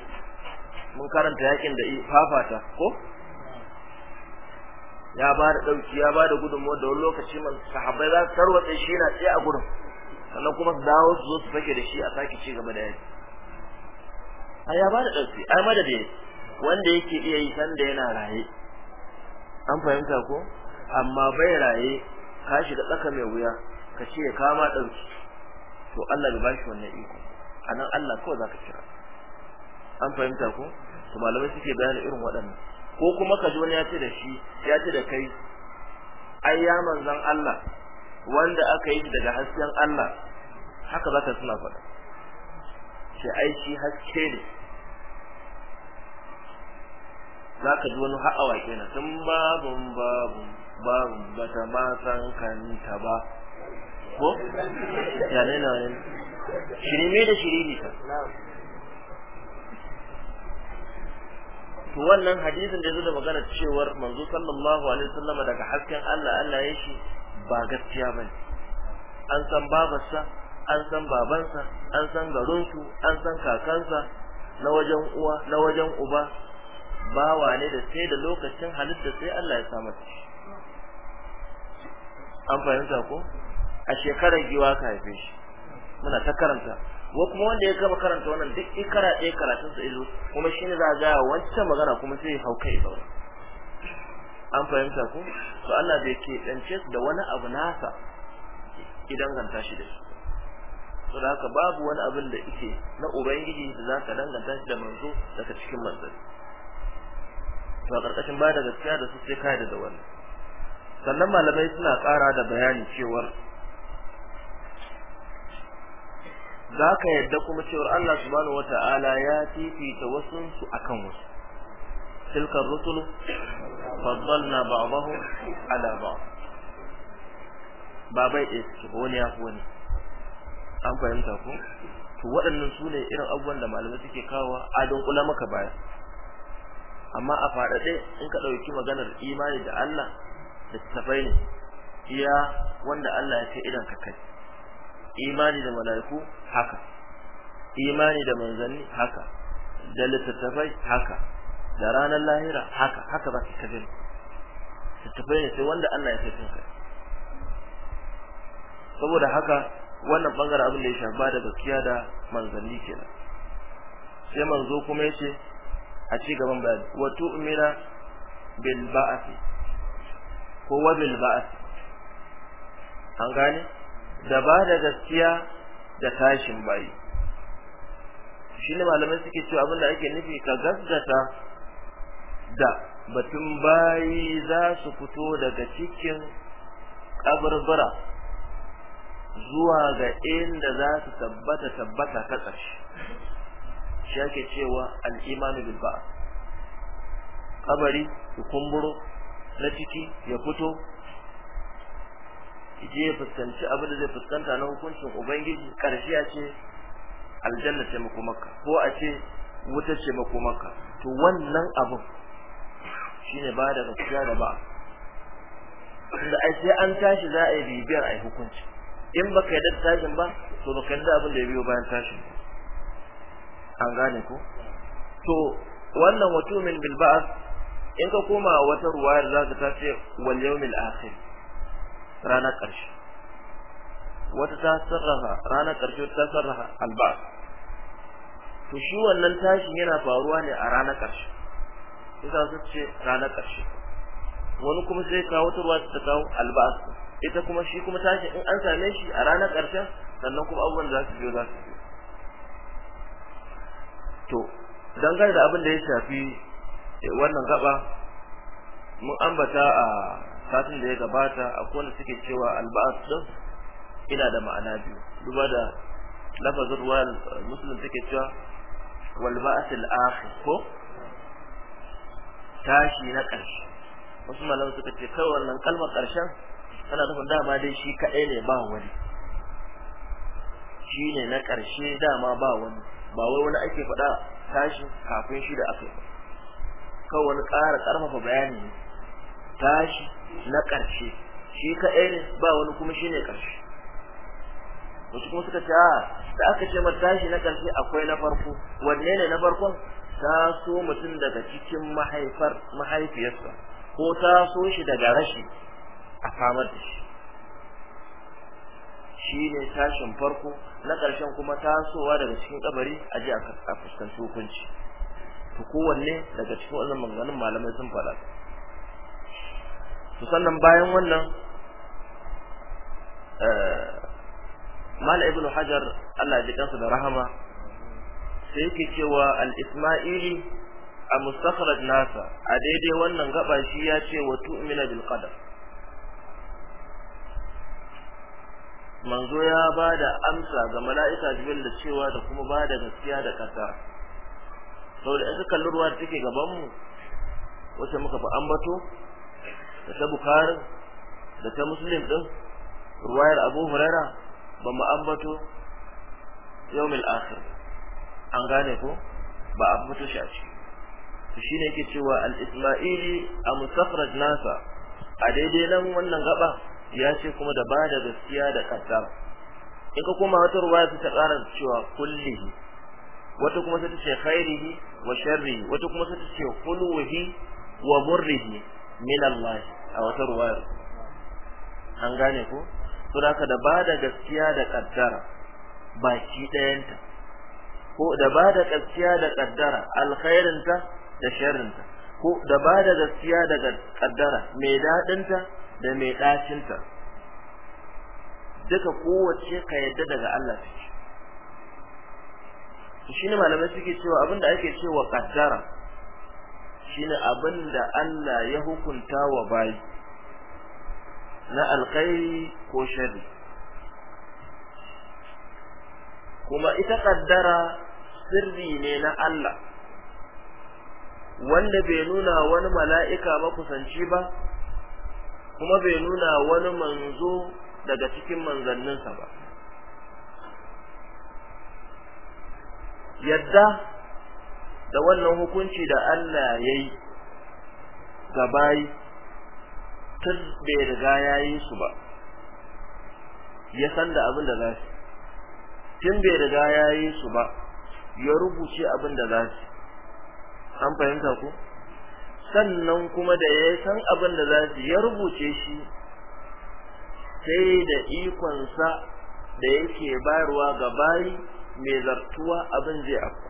mun karanta yakin da fafata ko ya ba da dauki ya ba da gudunmuwa da wani lokaci man sahabbai za su tarwatsa shi yana tsaye a gurin sannan kuma su dawo su zo su fake da shi a sake ci gaba da yaki a ya ba da dauki ai dai wanda yake iya yi sanda yana raye an fahimta ko amma bai raye ka shiga tsaka mai wuya ka ce ya kama dauki to Allah bai shi wannan iko anan Allah kawai ka kira an fahimta ko to malamai suke bayani irin waɗannan ko kuma ka wani ya ce da shi ya ce da kai ai ya Allah wanda aka yi daga hasken Allah haka zaka suna faɗa Shi ai shi haske ne za ka ji wani ha'awa kenan tun babun babun babun bata ma san kanta ba ko ya ne na shirme da shiriri ta to wannan hadisin da ya da magana cewar manzo sallallahu alaihi wasallam daga hasken Allah Allah ya shi ba gaskiya bane an san babarsa an san babansa an san garinsu an san kakansa na wajen uwa na wajen uba ba ne da sai da lokacin halitta sai Allah ya samu shi an fahimta ko a shekarar giwa ka haife shi muna ta karanta ko kuma wanda ya gama karanta wannan duk ikara ɗaya karatun su izo kuma shi ne za gaya wancan magana kuma sai hau kai ba an fahimta ku? to Allah bai ke su da wani abu nasa idan ganta shi da su. to da haka babu wani abin da ike na ubangiji da za ka danganta shi da manzo daga cikin manzon to a ƙarƙashin ba da gaskiya da su sai kai da wannan sannan malamai suna ƙara da bayani cewar za ka yadda kuma cewar Allah subhanahu wata'ala ya fifita wasunsu akan wasu tilkar rusul faddalna ba'dahu ala ba'd ba bai ɗaya suke wani ya fi wani an fahimta ko to waɗannan su ne irin abubuwan da malamai suke kawo a kula maka baya amma a faɗaɗe in ka ɗauki maganar imani da Allah da tafai ne iya wanda Allah ya ce idan ka kai imani da mala'iku haka imani da manzanni haka da littattafai haka da ranar lahira haka haka za ka kaje littafai ne sai wanda Allah ya sai kai saboda haka wannan bangaren abin da ya shafa da gaskiya da manzanni kenan sai manzo kuma yace a ci gaban bayani wa tu'mina bil ba'ath ko wa bil ba'ath an gane da ba da gaskiya da tashin bayi shi ne malamai suke cewa abinda ake nufi ka gaggata da batun bayi za su fito daga cikin kaburbura zuwa ga inda za su tabbata tabbata ta ƙarshe shi ake cewa al'imanu bil ba'a kabari ya kumburo na ciki ya fito je fuskanci abin da zai fuskanta na hukuncin ubangiji karshe ya ce aljanna ce makomaka ko a ce wuta ce makomaka to wannan abin shine ba da gaskiya da ba da ai sai an tashi za a yi bibiyar a yi hukunci in ka yarda da tashin ba to ba baka yarda abin da ya biyo bayan tashin an gane ko to wannan wato min bil in ka koma wata ruwayar za ka tashi wal yawmil akhir ranar ƙarshe wata ta sarraha ranar ƙarshe ta sarraha alba to shi wannan tashin yana faruwa ne a ranar ƙarshe yasa su ce ranar ƙarshe wani kuma sai kawo turwa ruwa ta kawo alba ita kuma shi kuma tashi in an same shi a ranar ƙarshen sannan kuma abubuwan za su biyo za su biyo to dangane da abin da ya shafi wannan gaba mun ambata a Kafin da ya gabata akwai wanda suke cewa alba'as din ina da ma'ana biyu duba da lafazin ruwa musulun suke cewa wal ba'at al akhir ko tashi na ƙarshe wasu malamai suka ce kai wannan kalmar ƙarshen tana nufin dama dai shi kaɗai ne ba wani shi ne na ƙarshe dama ba wani ba wai wani ake faɗa tashi kafin shi da aka yi kawai wani ƙara ƙarfafa bayani ne tashi na ƙarshe shi kaɗai ne ba wani kuma shi ne ƙarshe wasu kuma suka ce a da aka ce ma tashi na ƙarshe akwai na farko wanne ne na farkon ta so mutum daga cikin mahaifar mahaifiyarsa ko ta so shi daga rashi a samar da shi shi ne tashin farko na ƙarshen kuma tasowa daga cikin kabari a ji a fuskanci hukunci to kowanne daga cikin wannan maganganun malamai sun faɗa to sannan bayan wannan eh, mala ibnu hajar Allah ya jikansa da rahama sai yake cewa al-isma'ili a mustakhraj nasa a daidai wannan gaba shi ya ce wa tu'mina bil qadar manzo ya ba da amsa ga mala'ika jibril da cewa da kuma ba da gaskiya da kasa saboda in ka kalli ruwa da take gaban mu wacce muka fi ambato da ta bukari da ta muslim din ruwayar abu hurara ba mu ambato yawmil akhir an gane ko ba a fito shi a ciki shi ne yake cewa al-isma'ili a musafraj nasa a daidai nan wannan gaba ya ce kuma da ba da gaskiya da kaddara in ka koma wata ruwaya ta ƙara cewa kullihi wata kuma sai ta ce khairihi wa sharrihi wata kuma sai ta ce kulluhi wa murrihi min allahi a wata ruwayar an gane ko to da da ba da gaskiya da kaddara baki ɗayanta ko da ba da gaskiya da kaddara alkhairinta da sharrinta ko da ba da gaskiya da kaddara mai daɗinta da mai ta duka kowace ka yadda daga Allah take shi ne malamai suke cewa abinda ake cewa kaddara shine abinda Allah ya hukunta wa bayi na alkhairi ko shari kuma ita kaddara sirri ne na Allah wanda bai nuna wani mala'ika makusanci ba kuma bai nuna wani manzo daga cikin manzanninsa ba yadda da wannan hukunci da Allah ya yi ga tun bai riga ya yi su ba ya san da abin da za su tun bai riga ya yi su ba ya rubuce abin da za su an fahimta ku sannan kuma da ya san abin da za su ya rubuce shi sai da ikonsa da yake bayarwa ga mai zartuwa abin zai afku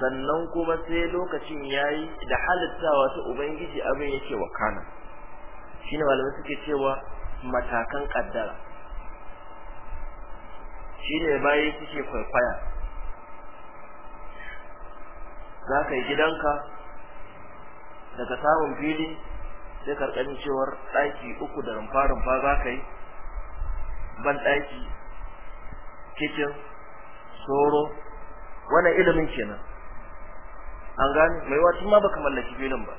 sannan kuma sai lokacin yayi da halittawa ta ubangiji abin yake wakana shine malamai suke cewa matakan kaddara shine bayi suke kwaikwaya za ka yi gidanka daga samun fili sai karkarin cewar ɗaki uku da rumfa-rumfa za ka yi ban ɗaki kicin soro wannan ilimin kenan an gane mai wata ma baka mallaki filin ba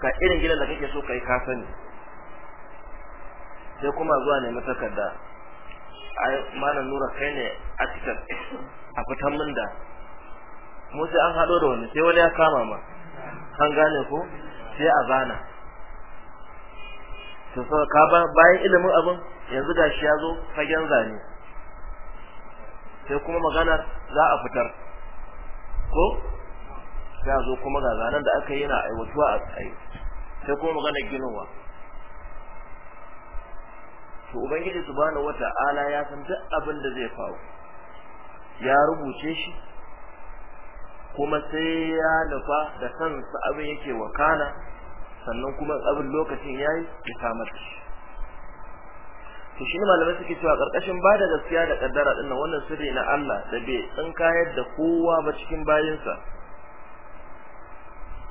ka irin gidan da kake so kai ka sani sai kuma zuwa nemi takarda ai malam nura kai ne a cikin a fitan min da mu sai an haɗo da wani sai wani ya kama ma an gane ko sai a zana to sai ka bayan ilimin abin yanzu gashi ya zo fagen zane sai kuma magana za a fitar ko Ya zo kuma ga zanen da aka yi na aiwatuwa a tsaye sai kuma magana ginowa to ubangiji subhanahu wata'ala ya san duk abin da zai faru ya rubuce shi kuma sai ya nufa da san su abin yake wakana sannan kuma abin lokacin ya yi ya samar da shi to shi malamai suke cewa karkashin ba da gaskiya da kaddara dinnan wannan sirri na Allah da bai tsinka yadda kowa ba cikin bayinsa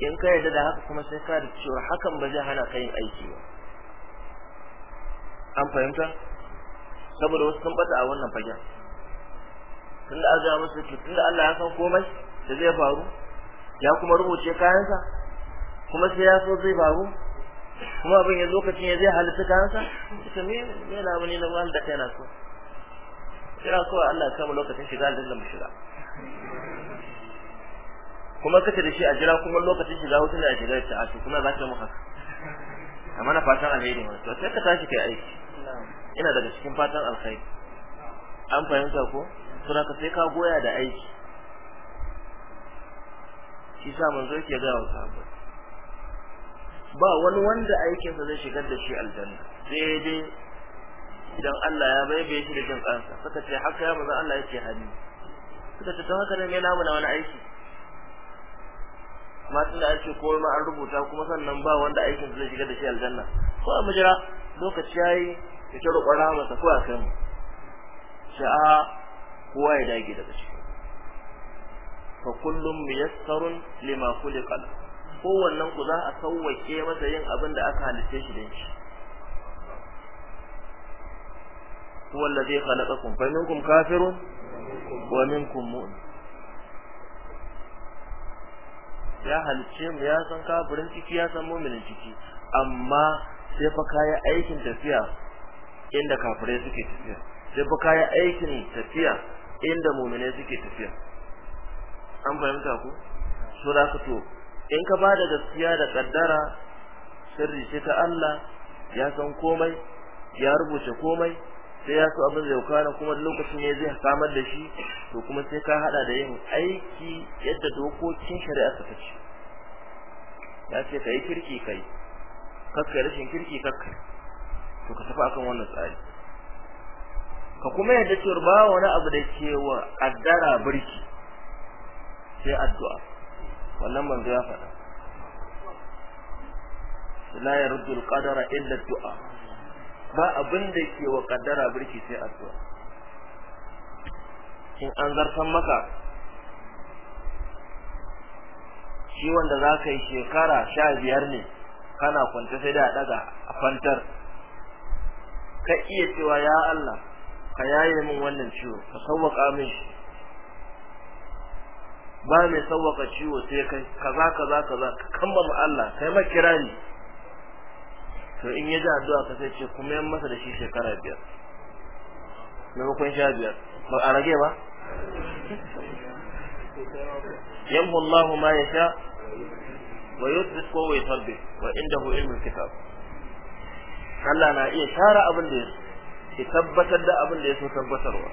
in ka yarda da haka kuma sai ka da cewa hakan ba zai hana ka yin aiki ba an fahimta saboda wasu sun bata a wannan fagen tunda an ga musu ki tunda Allah ya san komai da zai faru ya kuma rubuce kayansa kuma sai ya so zai faru kuma abin ya lokacin ya zai halitta kayansa kuma me me na wani na wanda kai na so kira ko Allah ya samu lokacin shiga aljanna mu shiga kuma kace da shi a jira kuma lokacin shiga hutu ne a shiga ta a kuma za ka mu haka amma na fatan alheri ne to sai ka tashi kai aiki ina daga cikin fatan alheri an fahimta ko sura ka sai ka goya da aiki shi sa zo ke ga wa ba wani wanda aikinsa zai shigar da shi aljanna sai dai idan Allah ya bai shi da jin kansa saka ce haka ya manzo Allah yake hali saka ce don haka ne namu na wani aiki ma tunda an ce ma an rubuta kuma sannan ba wanda aikin zai shiga da shi aljanna ko a majira lokaci yayi ya ta roƙon rahama ta kuwa kan shi a kowa ya dage daga ciki fa kullum muyassarun lima khuliqa kowannen ku za a sauwake masa yin abin da aka halitta shi da shi huwa allazi khalaqakum fa minkum kafirun wa minkum mu'min ya halicce mu ya san kafirin ciki ya san muminin ciki amma sai fa kaya aikin tafiya inda kafirai suke tafiya sai fa kaya aikin tafiya inda mumine suke tafiya an fahimta ku So da ku to in ka bada gaskiya da kaddara sirri ce ta Allah ya san komai ya rubuce komai sai ya so abin zai kwana kuma lokacin ne zai samar da shi to kuma sai ka hada da yin aiki yadda dokokin shari'a suka ce ya ce kai kirki kai kakka rashin kirki kakka to ka tafi akan wannan tsari ka kuma yadda cewar ba wani abu da ke wa addara birki sai addu'a wannan manzo ya faɗa la yaruddu al-qadara illa ad-du'a ba abin da ke wa kaddara birki sai addu'a in an zartan maka shi wanda za ka yi shekara sha biyar ne kana kwanta sai da daga a kwantar ka iya cewa ya Allah ka yaye min wannan ciwo ka sauwaka min shi ba mai sauwaka ciwo sai kai kaza kaza kaza ka kamba mu Allah kai kirani to in ya ji addu'a ka sai ce kuma yan masa da shi shekara biyar na maimakon sha biyar ba a rage ba yamhu Allahu ma sha wa yuthbit ko wa yuthabbi wa inda hu ilmul kitab Allah na iya share abin da ya tabbatar da abin da ya so tabbatarwa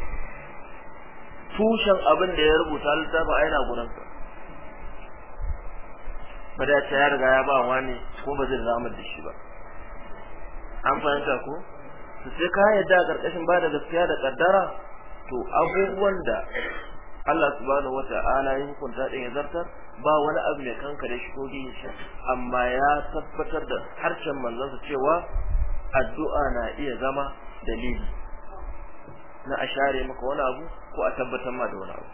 tushen abin da ya rubuta littafin aina gurinsa ba da ya riga ya ba wani ko ba zai zama da shi ba an fahimta ko su sai ka yadda a ƙarƙashin ba da gaskiya da ƙaddara to abubuwan da Allah subhanahu wata'ala ya hukunta da ya zartar ba wani abu mai kanka da shi ko gini shi amma ya tabbatar da harshen manzansa cewa addu'a na iya zama dalili na a share maka wani abu ko a tabbatar ma da wani abu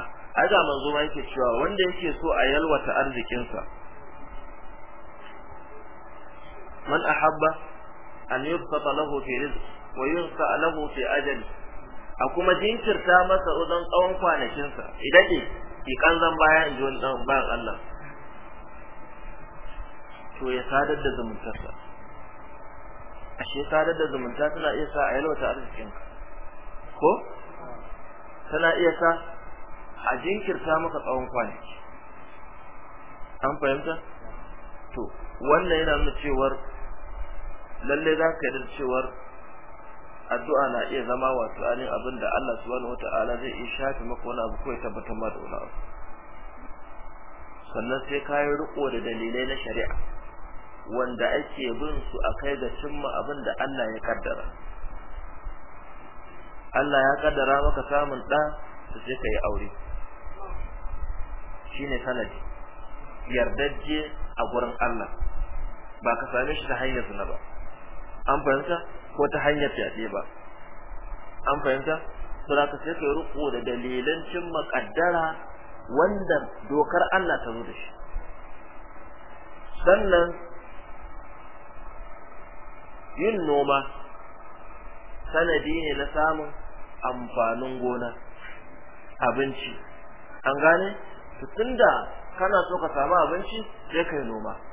ah, a ga manzo ma yake cewa wanda yake so a yalwata arzikinsa man ahabba an yubsata lahu fi rizq wa yunsa lahu fi ajali a kuma jinkirta masa wajen tsawon kwanakinsa idan ne ki kanzan baya in ji bayan Allah to ya sadar da zumuntarsa ashe sadar da zumunta tana iya sa a yalwata arzikinka ko tana iya sa a jinkirta maka tsawon kwanaki an fahimta to wannan yana nuna cewar lalle za ka yi cewar addu'a na iya zama wato anin abin da Allah subhanahu ala zai iya shafe maka wani abu kawai ya tabbatar ma da wani abu sannan sai ka yi riko da dalilai na shari'a wanda ake bin su a kai ga cimma abin da Allah ya kaddara Allah ya kaddara maka samun ɗa su sai ka yi aure Shi shine sanadi yardajje a gurin Allah ba ka same shi da hanyar zina ba an fahimta ko ta hanyar fyaɗe ba an fahimta to da ka sai yi riko da dalilan cin makaddara wanda dokar Allah ta zo da shi sannan yin noma sanadi ne na samun amfanin gona abinci an gane tunda kana so ka samu abinci sai kai noma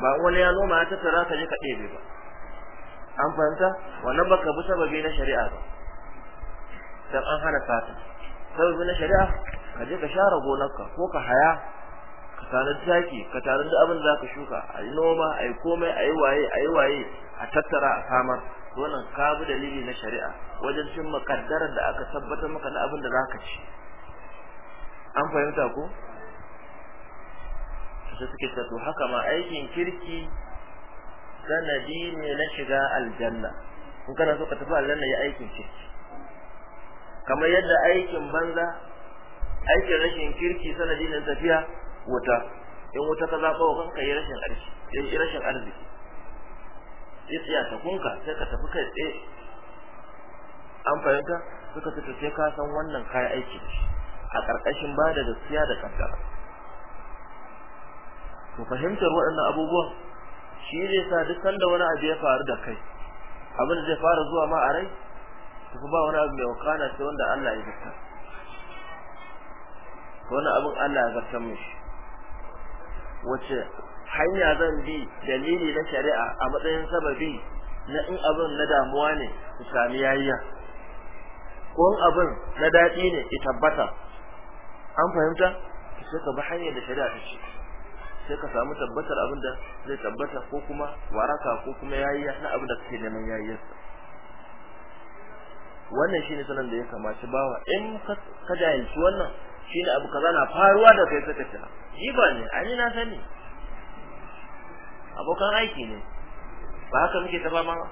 ba wani ya noma ya tattara ka ji ka ɗebe ba an fahimta wannan baka bi sababi na shari'a ba dan an hana sata sababi na shari'a ka je ka share gonarka ko ka haya ka tare taki ka tare da abin da zaka shuka a yi noma a yi komai a yi waye a yi waye a tattara a samar wannan ka bi dalili na shari'a wajen cin makaddarar da aka tabbatar maka na abin da zaka ci an fahimta ko sai suke cewa to haka ma aikin kirki sanadi ne na shiga aljanna in kana so ka tafi aljanna ya aikin kirki kamar yadda aikin banza aikin rashin kirki sanadi ne tafiya wuta in wuta ka zaɓa wa kanka yi rashin arziki yi rashin arziki ya tsaya ta kunka sai ka tafi kai tsaye an fahimta suka fito sai ka san wannan kayan aiki a ƙarƙashin ba da gaskiya da kaddara to fahimtar waɗannan abubuwan shi ne sa duk sanda wani abu ya faru da kai abin da zai fara zuwa ma a rai tafi ba wani abu mai wakana sai wanda Allah ya zarta wani abin Allah ya zarta mishi wace hanya zan bi dalili na shari'a a matsayin sababi na in abin na damuwa ne su sami yayya ko in abin na daɗi ne ya tabbata an fahimta sai ka bi hanyar da shari'a ta ce sai ka samu tabbatar abin da zai tabbata ko kuma waraka ko kuma yayi na abin da kake neman yayyarsa wannan shine sanan da ya kamata bawa in ka jahilci wannan shine abu kaza na faruwa da kai saka ta jiba ne ani na sani abokan aiki ne ba haka muke ta fama ba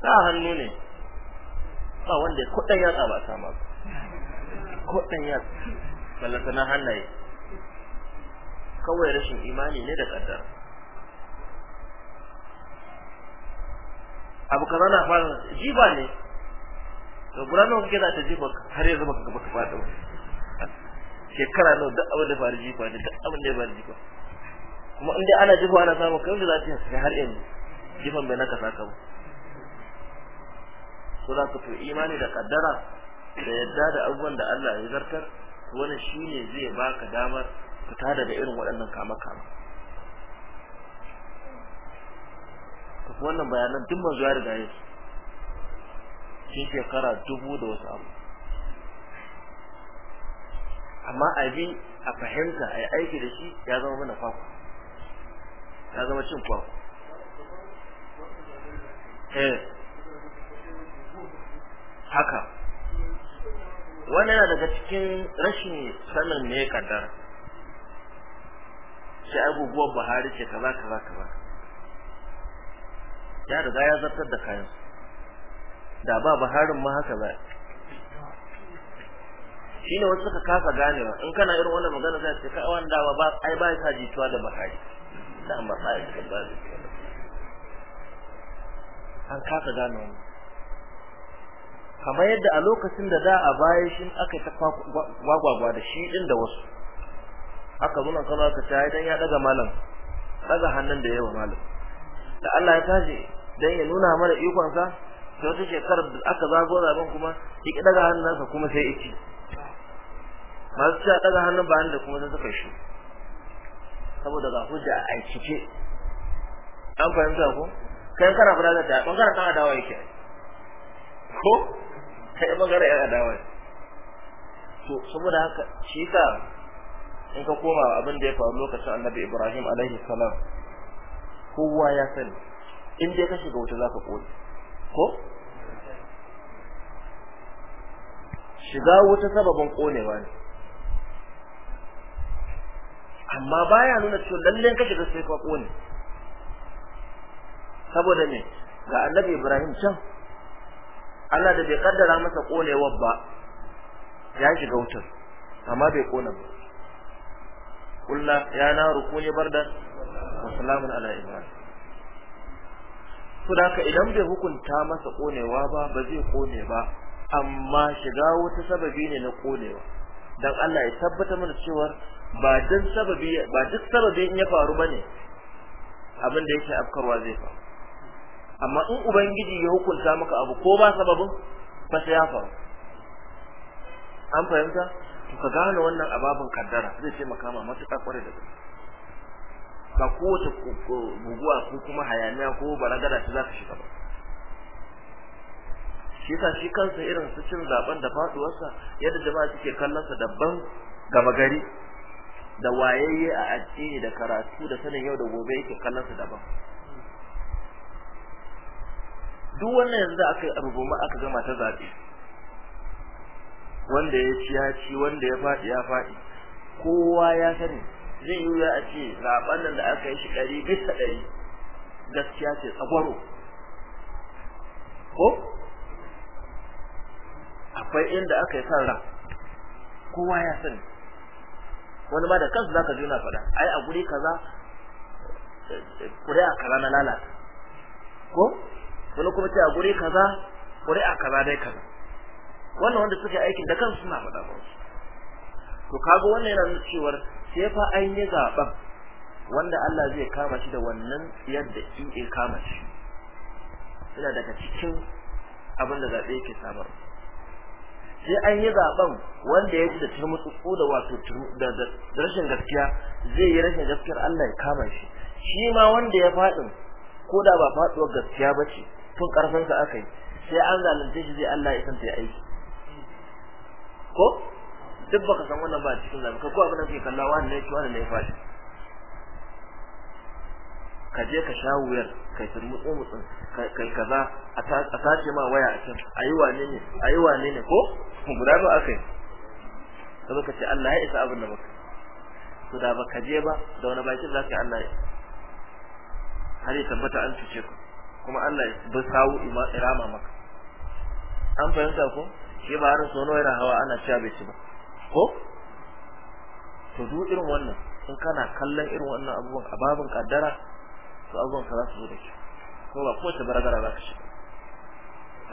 sa hannu ne ba wanda kudan yatsa ba sama kudan yatsa ballantana hannaye kawai rashin imani ne da kaddar abu kaza na fara jiba ne to gura nawa kake za ta jiba har yanzu baka ka fada ba shekara nawa duk abin da faru jiba ne duk abin da ya faru jiba kuma in dai ana jiba ana samu kan da za ta yi har yanzu jifan bai naka saka ba so za ka to imani da kaddara da yadda da abubuwan da Allah ya zartar wannan shine zai baka damar fita daga irin waɗannan kama kama wannan bayanan duk manzo ya riga ya su shekara dubu da wasu abu amma bi a fahimta a yi aiki da shi ya zama mana kwaku ya zama cin kwaku eh haka Wani yana daga cikin rashin sanin ya kaddara ce abubuwan Buhari ce kaza kaza kaza ya riga ya zartar da kayan da ba Buharin ma haka ba ne wasu suka kasa ganewa in kana irin wannan magana zai ce kai wanda ba ba ai ba ta jituwa da Buhari da an ba sai da ba an kasa gane wannan kamar yadda a lokacin da da a baya shi aka ta gwagwagwa da shi din da wasu aka zo nan kaza ka ta dan ya daga malam daga hannun da yawa malam da Allah ya tashi dan ya nuna mana ikon sa to duk shekarar da aka zago zaben kuma ya daga hannun sa kuma sai ya ci masu ta daga hannun ba da kuma sai suka shi saboda ga hujja a ke an fahimta ko kai kana fara da ta kana kana dawo yake ko kai magara ya dawo to saboda haka shi ka in ka koma abin da ya faru lokacin annabi ibrahim alaihi salam kowa ya sani in dai ka shiga wuta zaka kore ko shiga wuta sababin konewa ne amma baya nuna cewa lalle ka shiga sai ka kone saboda ne ga annabi ibrahim can Allah da bai kaddara masa konewar ba ya shiga wutar amma bai kona ba kulla ya naru ne bardan wa salamun ala ibrahim saboda idan bai hukunta masa konewa ba ba zai kone ba amma shiga wata sababi ne na konewa dan Allah ya tabbata mana cewa ba duk sababi in ya faru bane abin da yake afkarwa zai faru amma in ubangiji ya hukunta maka abu ko ba sababin ba ya faru an fahimta ka gane wannan ababin kaddara zai ce makama matuƙa kwarai da ba kowace guguwa ko kuma hayaniya ko baragara ta za ka shiga ba shi yasa shi kansa irin su cin zaben da faduwarsa yadda jama'a suke kallonsa daban dabban gama gari da wayayye a addini da karatu da sanin yau da gobe yake kallonsa daban duk wannan yanzu da aka yi rubuma aka gama ta zaɓe. wanda ya ci ya ci wanda ya faɗi ya faɗi kowa ya sani zai yi ya ce zaben nan da aka yi shi ɗari bisa ɗari gaskiya ce tsagwaro ko akwai inda aka yi san ran kowa ya sani wani ma da kansu ka ji na faɗa ai a guri kaza kuri'a kaza na lalata ko wani kuma ce a guri kaza kuri'a kaza dai kaza wannan wanda suka aikin da kansu suna fada ba to kaga wannan yana nuna cewa sai fa an yi zaben wanda Allah zai kama shi da wannan yadda in in kama shi ina daga cikin abin da zaɓe yake samar sai an yi zaben wanda ya ji da turmutsu da wato da rashin gaskiya zai yi rashin gaskiyar Allah ya kama shi shi ma wanda ya faɗin ko da ba faɗuwar gaskiya ba ce tun ƙarfinsa aka yi sai an zalunce shi zai Allah ya san ya aiki ko duk baka san wannan ba cikin zabi ka ko abin da kake kalla wannan ne wannan ne ya faɗi ka je ka sha wuyar kai sun mutsu mutsu kai kaza a tace ma waya a can ayi wane ne ayi wane ne ko guda ba akai sai ka ce Allah ya isa abin da baka to da baka je ba da wani bakin za ka Allah ya har ya tabbata an cuce ku kuma Allah ya bi sawu irama maka an fahimta ko shi ba har sono yana hawa ana cewa bai ci ba ko to duk irin wannan in kana kallon irin wannan abubuwan a babin kaddara to abubuwan ka za su zo da shi ko ba kowace baragara za ka shiga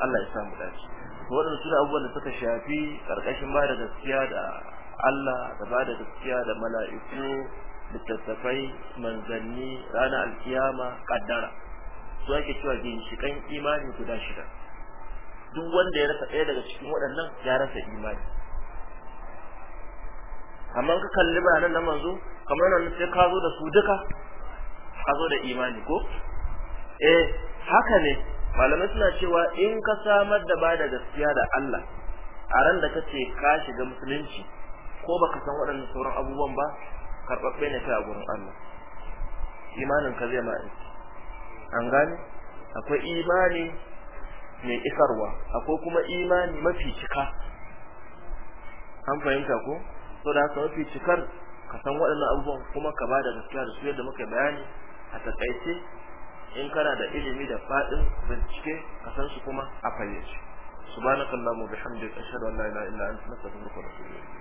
Allah ya samu dace to waɗanda su abubuwan da suka shafi karkashin ba da gaskiya da Allah da ba da gaskiya da mala'iku littattafai manzanni ranar alkiyama kaddara su ake cewa ginshiƙan imani guda shida duk wanda ya rasa ɗaya daga cikin waɗannan ya rasa imani amma ka kalli bayanan na manzo kamar nan sai ka zo da su duka ka zo da imani ko eh haka ne malamai suna cewa in ka samar da ba da gaskiya da Allah a ran da kace ka shiga musulunci ko baka san waɗannan sauran abubuwan ba karɓaɓɓe ne kai a gurin Allah imanin ka zai ma an gane akwai imani mai isarwa akwai kuma imani mafi cika an fahimta ko so da haka mafi cikar ka san waɗannan abubuwan kuma ka ba da gaskiya da su yadda muka bayani a takaice in kana da ilimi da faɗin bincike ka san su kuma a fayyace subhanakallahumma bihamdika ashhadu an la ilaha illa anta astaghfiruka wa atubu ilayk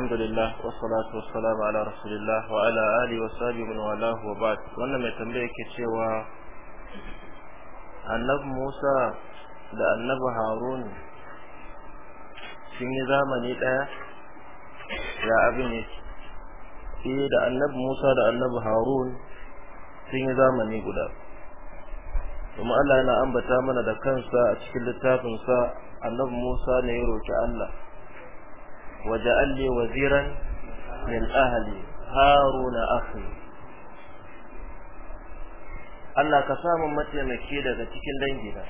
alhamdulillah wassalatu wassalamu wannan mai tambaya yake cewa annabi Musa da annabi Harun sun yi zamani ɗaya, ya abin eh da annabi Musa da annabi Harun sun yi zamani guda kuma Allah yana ambata mana da kansa a cikin littafinsa annabi Musa ne ya roki Allah وجعل لي وزيرا من أهلي هارون أخي Allah ka samu mataimaki daga cikin dangina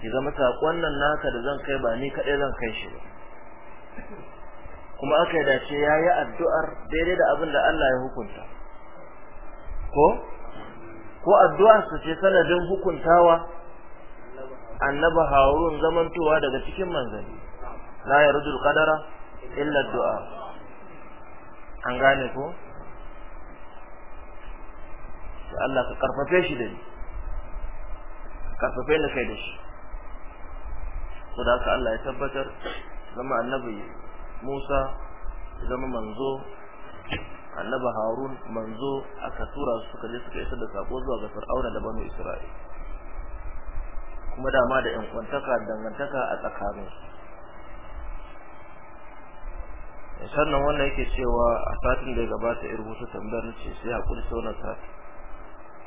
ki zama saƙon nan naka da zan kai ba ni kaɗai zan kai shi ba kuma aka yi dace ya yi addu'ar daidai da abin da Allah ya hukunta ko ko addu'arsa ce sanadin hukuntawa annaba harun zamantowa daga cikin manzanni la yaruddu al-qadara illa ad-du'a an gane ko sai Allah ka karfafe shi da ni karfafe ni kai da shi da haka Allah ya tabbatar zama annabi Musa zama manzo annabi harun manzo aka tura su suka je suka isa da sako zuwa ga fir'auna da banu isra'ila kuma dama da yan kwantaka dangantaka a tsakaninsu sannan wannan yake cewa a satin da ya gabata irin wasu tambayar ce sai a kuli sau sati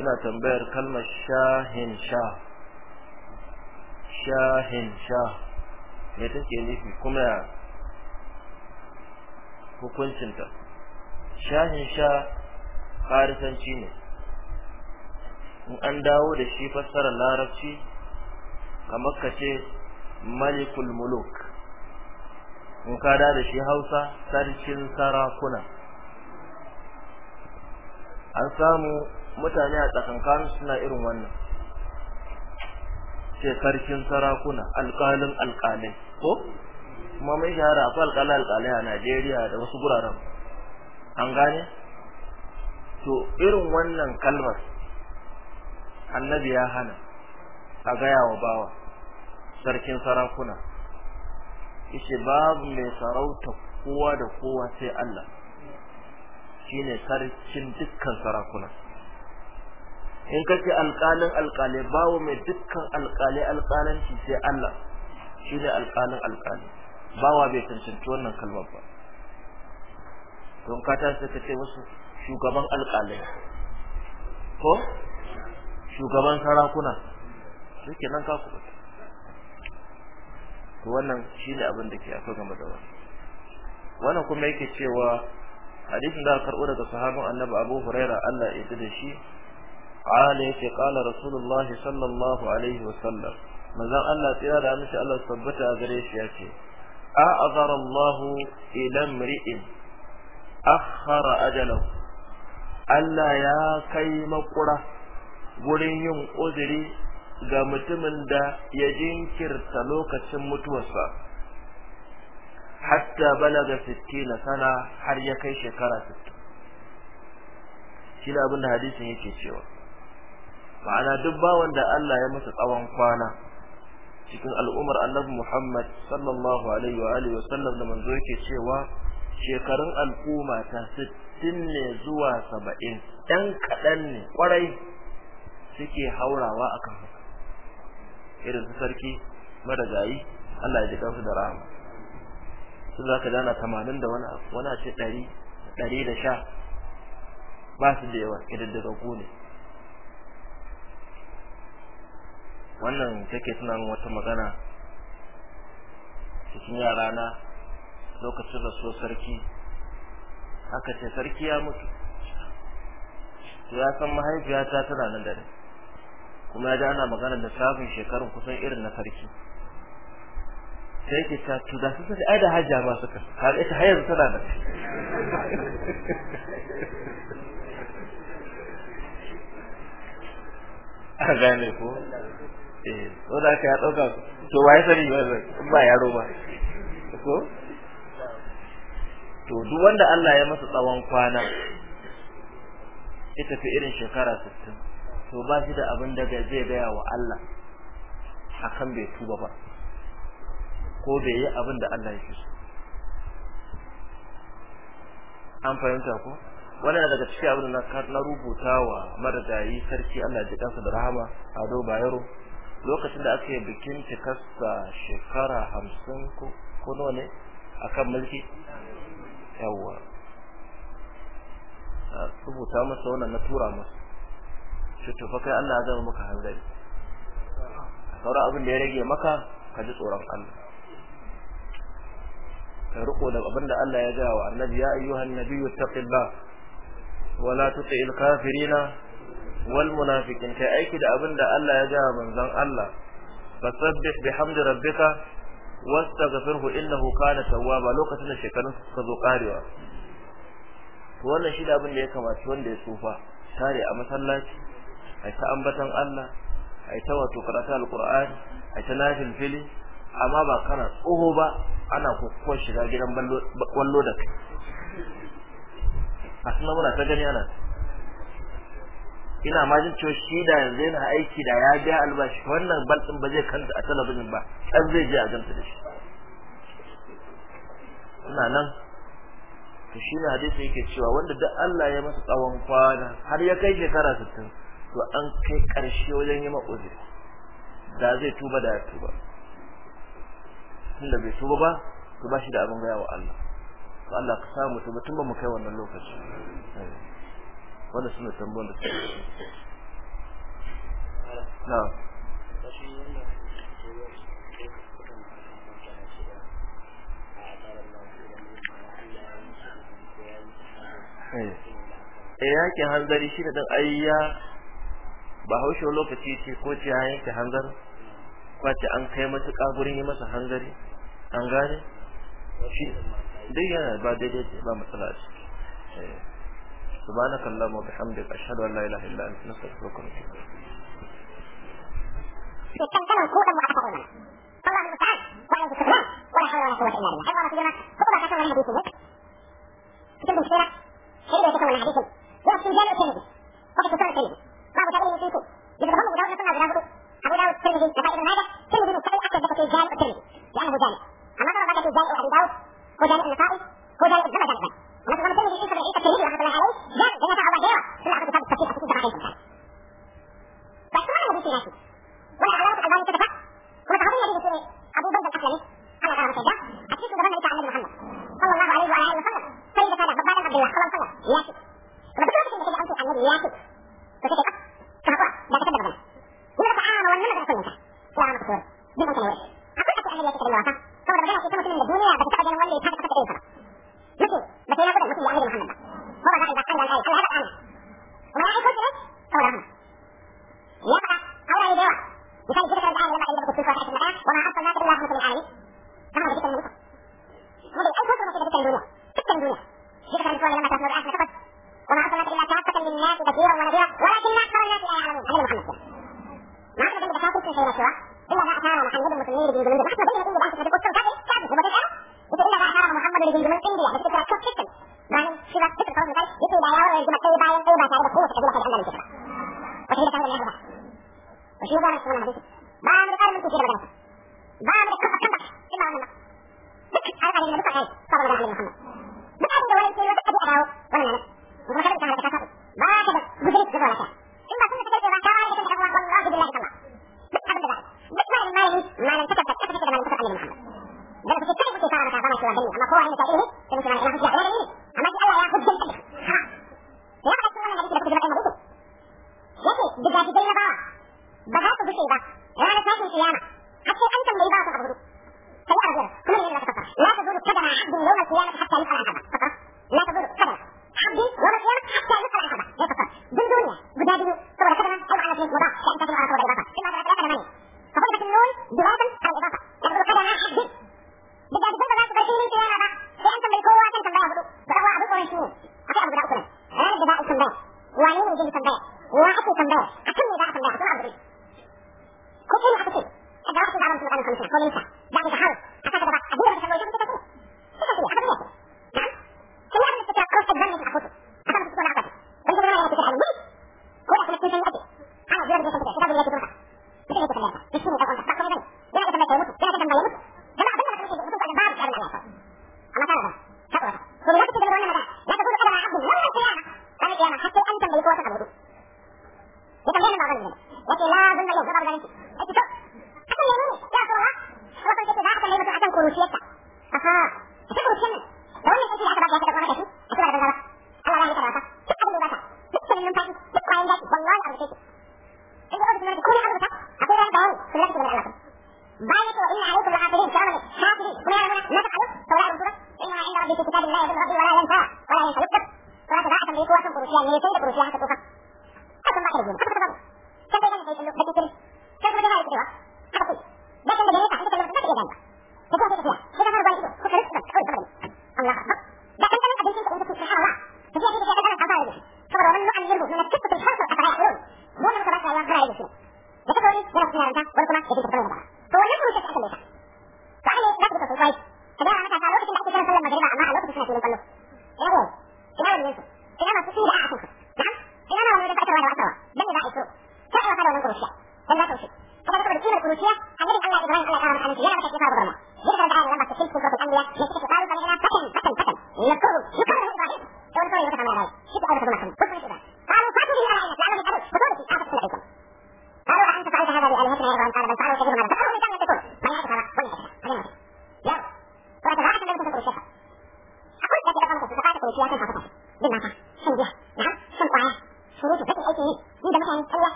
ina tambayar kalmar shahin sha shahin sha me take nufi kuma ya hukuncinta shahin sha harisanci ne in an dawo da shi fassarar larabci kamar ka ce malikul muluk in ka da shi Hausa sarkin sarakuna an samu mutane a tsakankan suna irin wannan ce sarkin sarakuna alƙalin alƙalai ko kuma mai shahara akwai alƙalai alƙalai a Najeriya da wasu guraren an gane to irin wannan kalmar annabi ya hana a gaya wa bawa sarkin sarakuna yace babu mai sarauta kowa da kowa sai Allah shine sarkin dukkan sarakuna in kace alqalin alƙalai babu mai dukkan alƙalai alqalanci sai Allah shine alqalin alƙalai bawa bai tantance wannan kalmar ba don ka sai ka ce musu shugaban alƙalai ko shugaban sarakuna shikenan ka kuɓuta to wannan shine abin da ke akwai game da wannan wannan kuma yake cewa hadisin da karbo daga sahabin annabi Abu Huraira Allah ya da shi qala yace qala rasulullah sallallahu alaihi wasallam manzon Allah tsira da amince Allah tabbata a gare shi yace a azara Allah ila mri'in akhara ajalahu Allah ya kai makura gurin yin uzuri ga mutumin da ya jinkirta lokacin mutuwarsa hatta ga 60 sana har ya kai shekara 60 shi da abin da hadisin yake cewa ma'ana duk bawon da Allah ya masa tsawon kwana cikin al'umar annabi Muhammad sallallahu alaihi wa alihi wa sallam da manzo yake cewa shekarun al'umma ta 60 ne zuwa 70 dan kadan ne kwarai suke haurawa akan irin su sarki madagayi Allah ya ji kansu da rahama sun ka dana tamanin da wani wani ce ɗari ɗari da sha ba su da yawa ƙididdiga ku ne wannan take tunan wata magana cikin yara na lokacin rasuwar sarki aka ce sarki ya mutu ya san mahaifiyata tana nan da rai kuma ya ana magana da lissafin shekarun kusan irin na farki sai ke ta to da su sai ai hajja ba suka har ita har tana da a gane ko eh ko da ka dauka to waye sani ba ba yaro ba ko to duk wanda Allah ya masa tsawon kwana ita fi irin shekara 60 to ba shi da abin da zai gaya wa Allah akan bai tuba ba ko bai yi abin da Allah ya so an fahimta ko wannan daga cikin abin da na rubuta wa marigayi sarki Allah ji kansa da rahama a Ado Bayero lokacin da aka yi bikin cikasta shekara hamsin ko nawa ne akan mulki yawwa rubuta masa wannan na tura masa to to kai Allah ya zama maka haurari sauran abin da ya rage maka ka ji tsoron Allah ka riko da abin da Allah ya gaya wa annabi ya ayyuhan nabiyyu taqillah wa la tuti'il kafirina wal munafiqin kai aiki da abin da Allah ya gaya manzon Allah fasabbih bihamdi rabbika wastaghfirhu innahu kana tawwaba lokacin da shekarun suka zo karewa to wannan shi da abin da ya kamaci wanda ya tsufa tare a masallaci ai ta ambatan Allah ai ta wato karatu alqur'ani ai ta nafil fili amma ba kana tsoho ba ana kokkuwar shiga gidan ballo da kai a sunan muna ta gani ana ina ma jin cewa shi da yanzu yana aiki da ya biya albashi wannan baltin ba zai kanta a talabijin ba kan zai je a ganta da shi ina nan to shi ne hadisi yake cewa wanda duk Allah ya masa tsawon kwana har ya kai shekara sittin to an kai ƙarshe wajen yi ma'uzi da zai tuba da ya tuba tunda bai tuba ba to ba shi da abin gaya wa Allah to Allah ka samu tuba tun ba mu kai wannan lokaci wanda suna tambayar da suke na eh. eh yakin hanzari shi da dan ayya ba haushe lokaci ce ko ce ya yanke hangar kwace an kai matuƙa gurin yi masa hangari an gane shi dai yana ba daidai ba matsala a ciki subhanaka wa bihamdika ashhadu an الا بالله هذا ما في يجب تنبيه واعطي تنبيه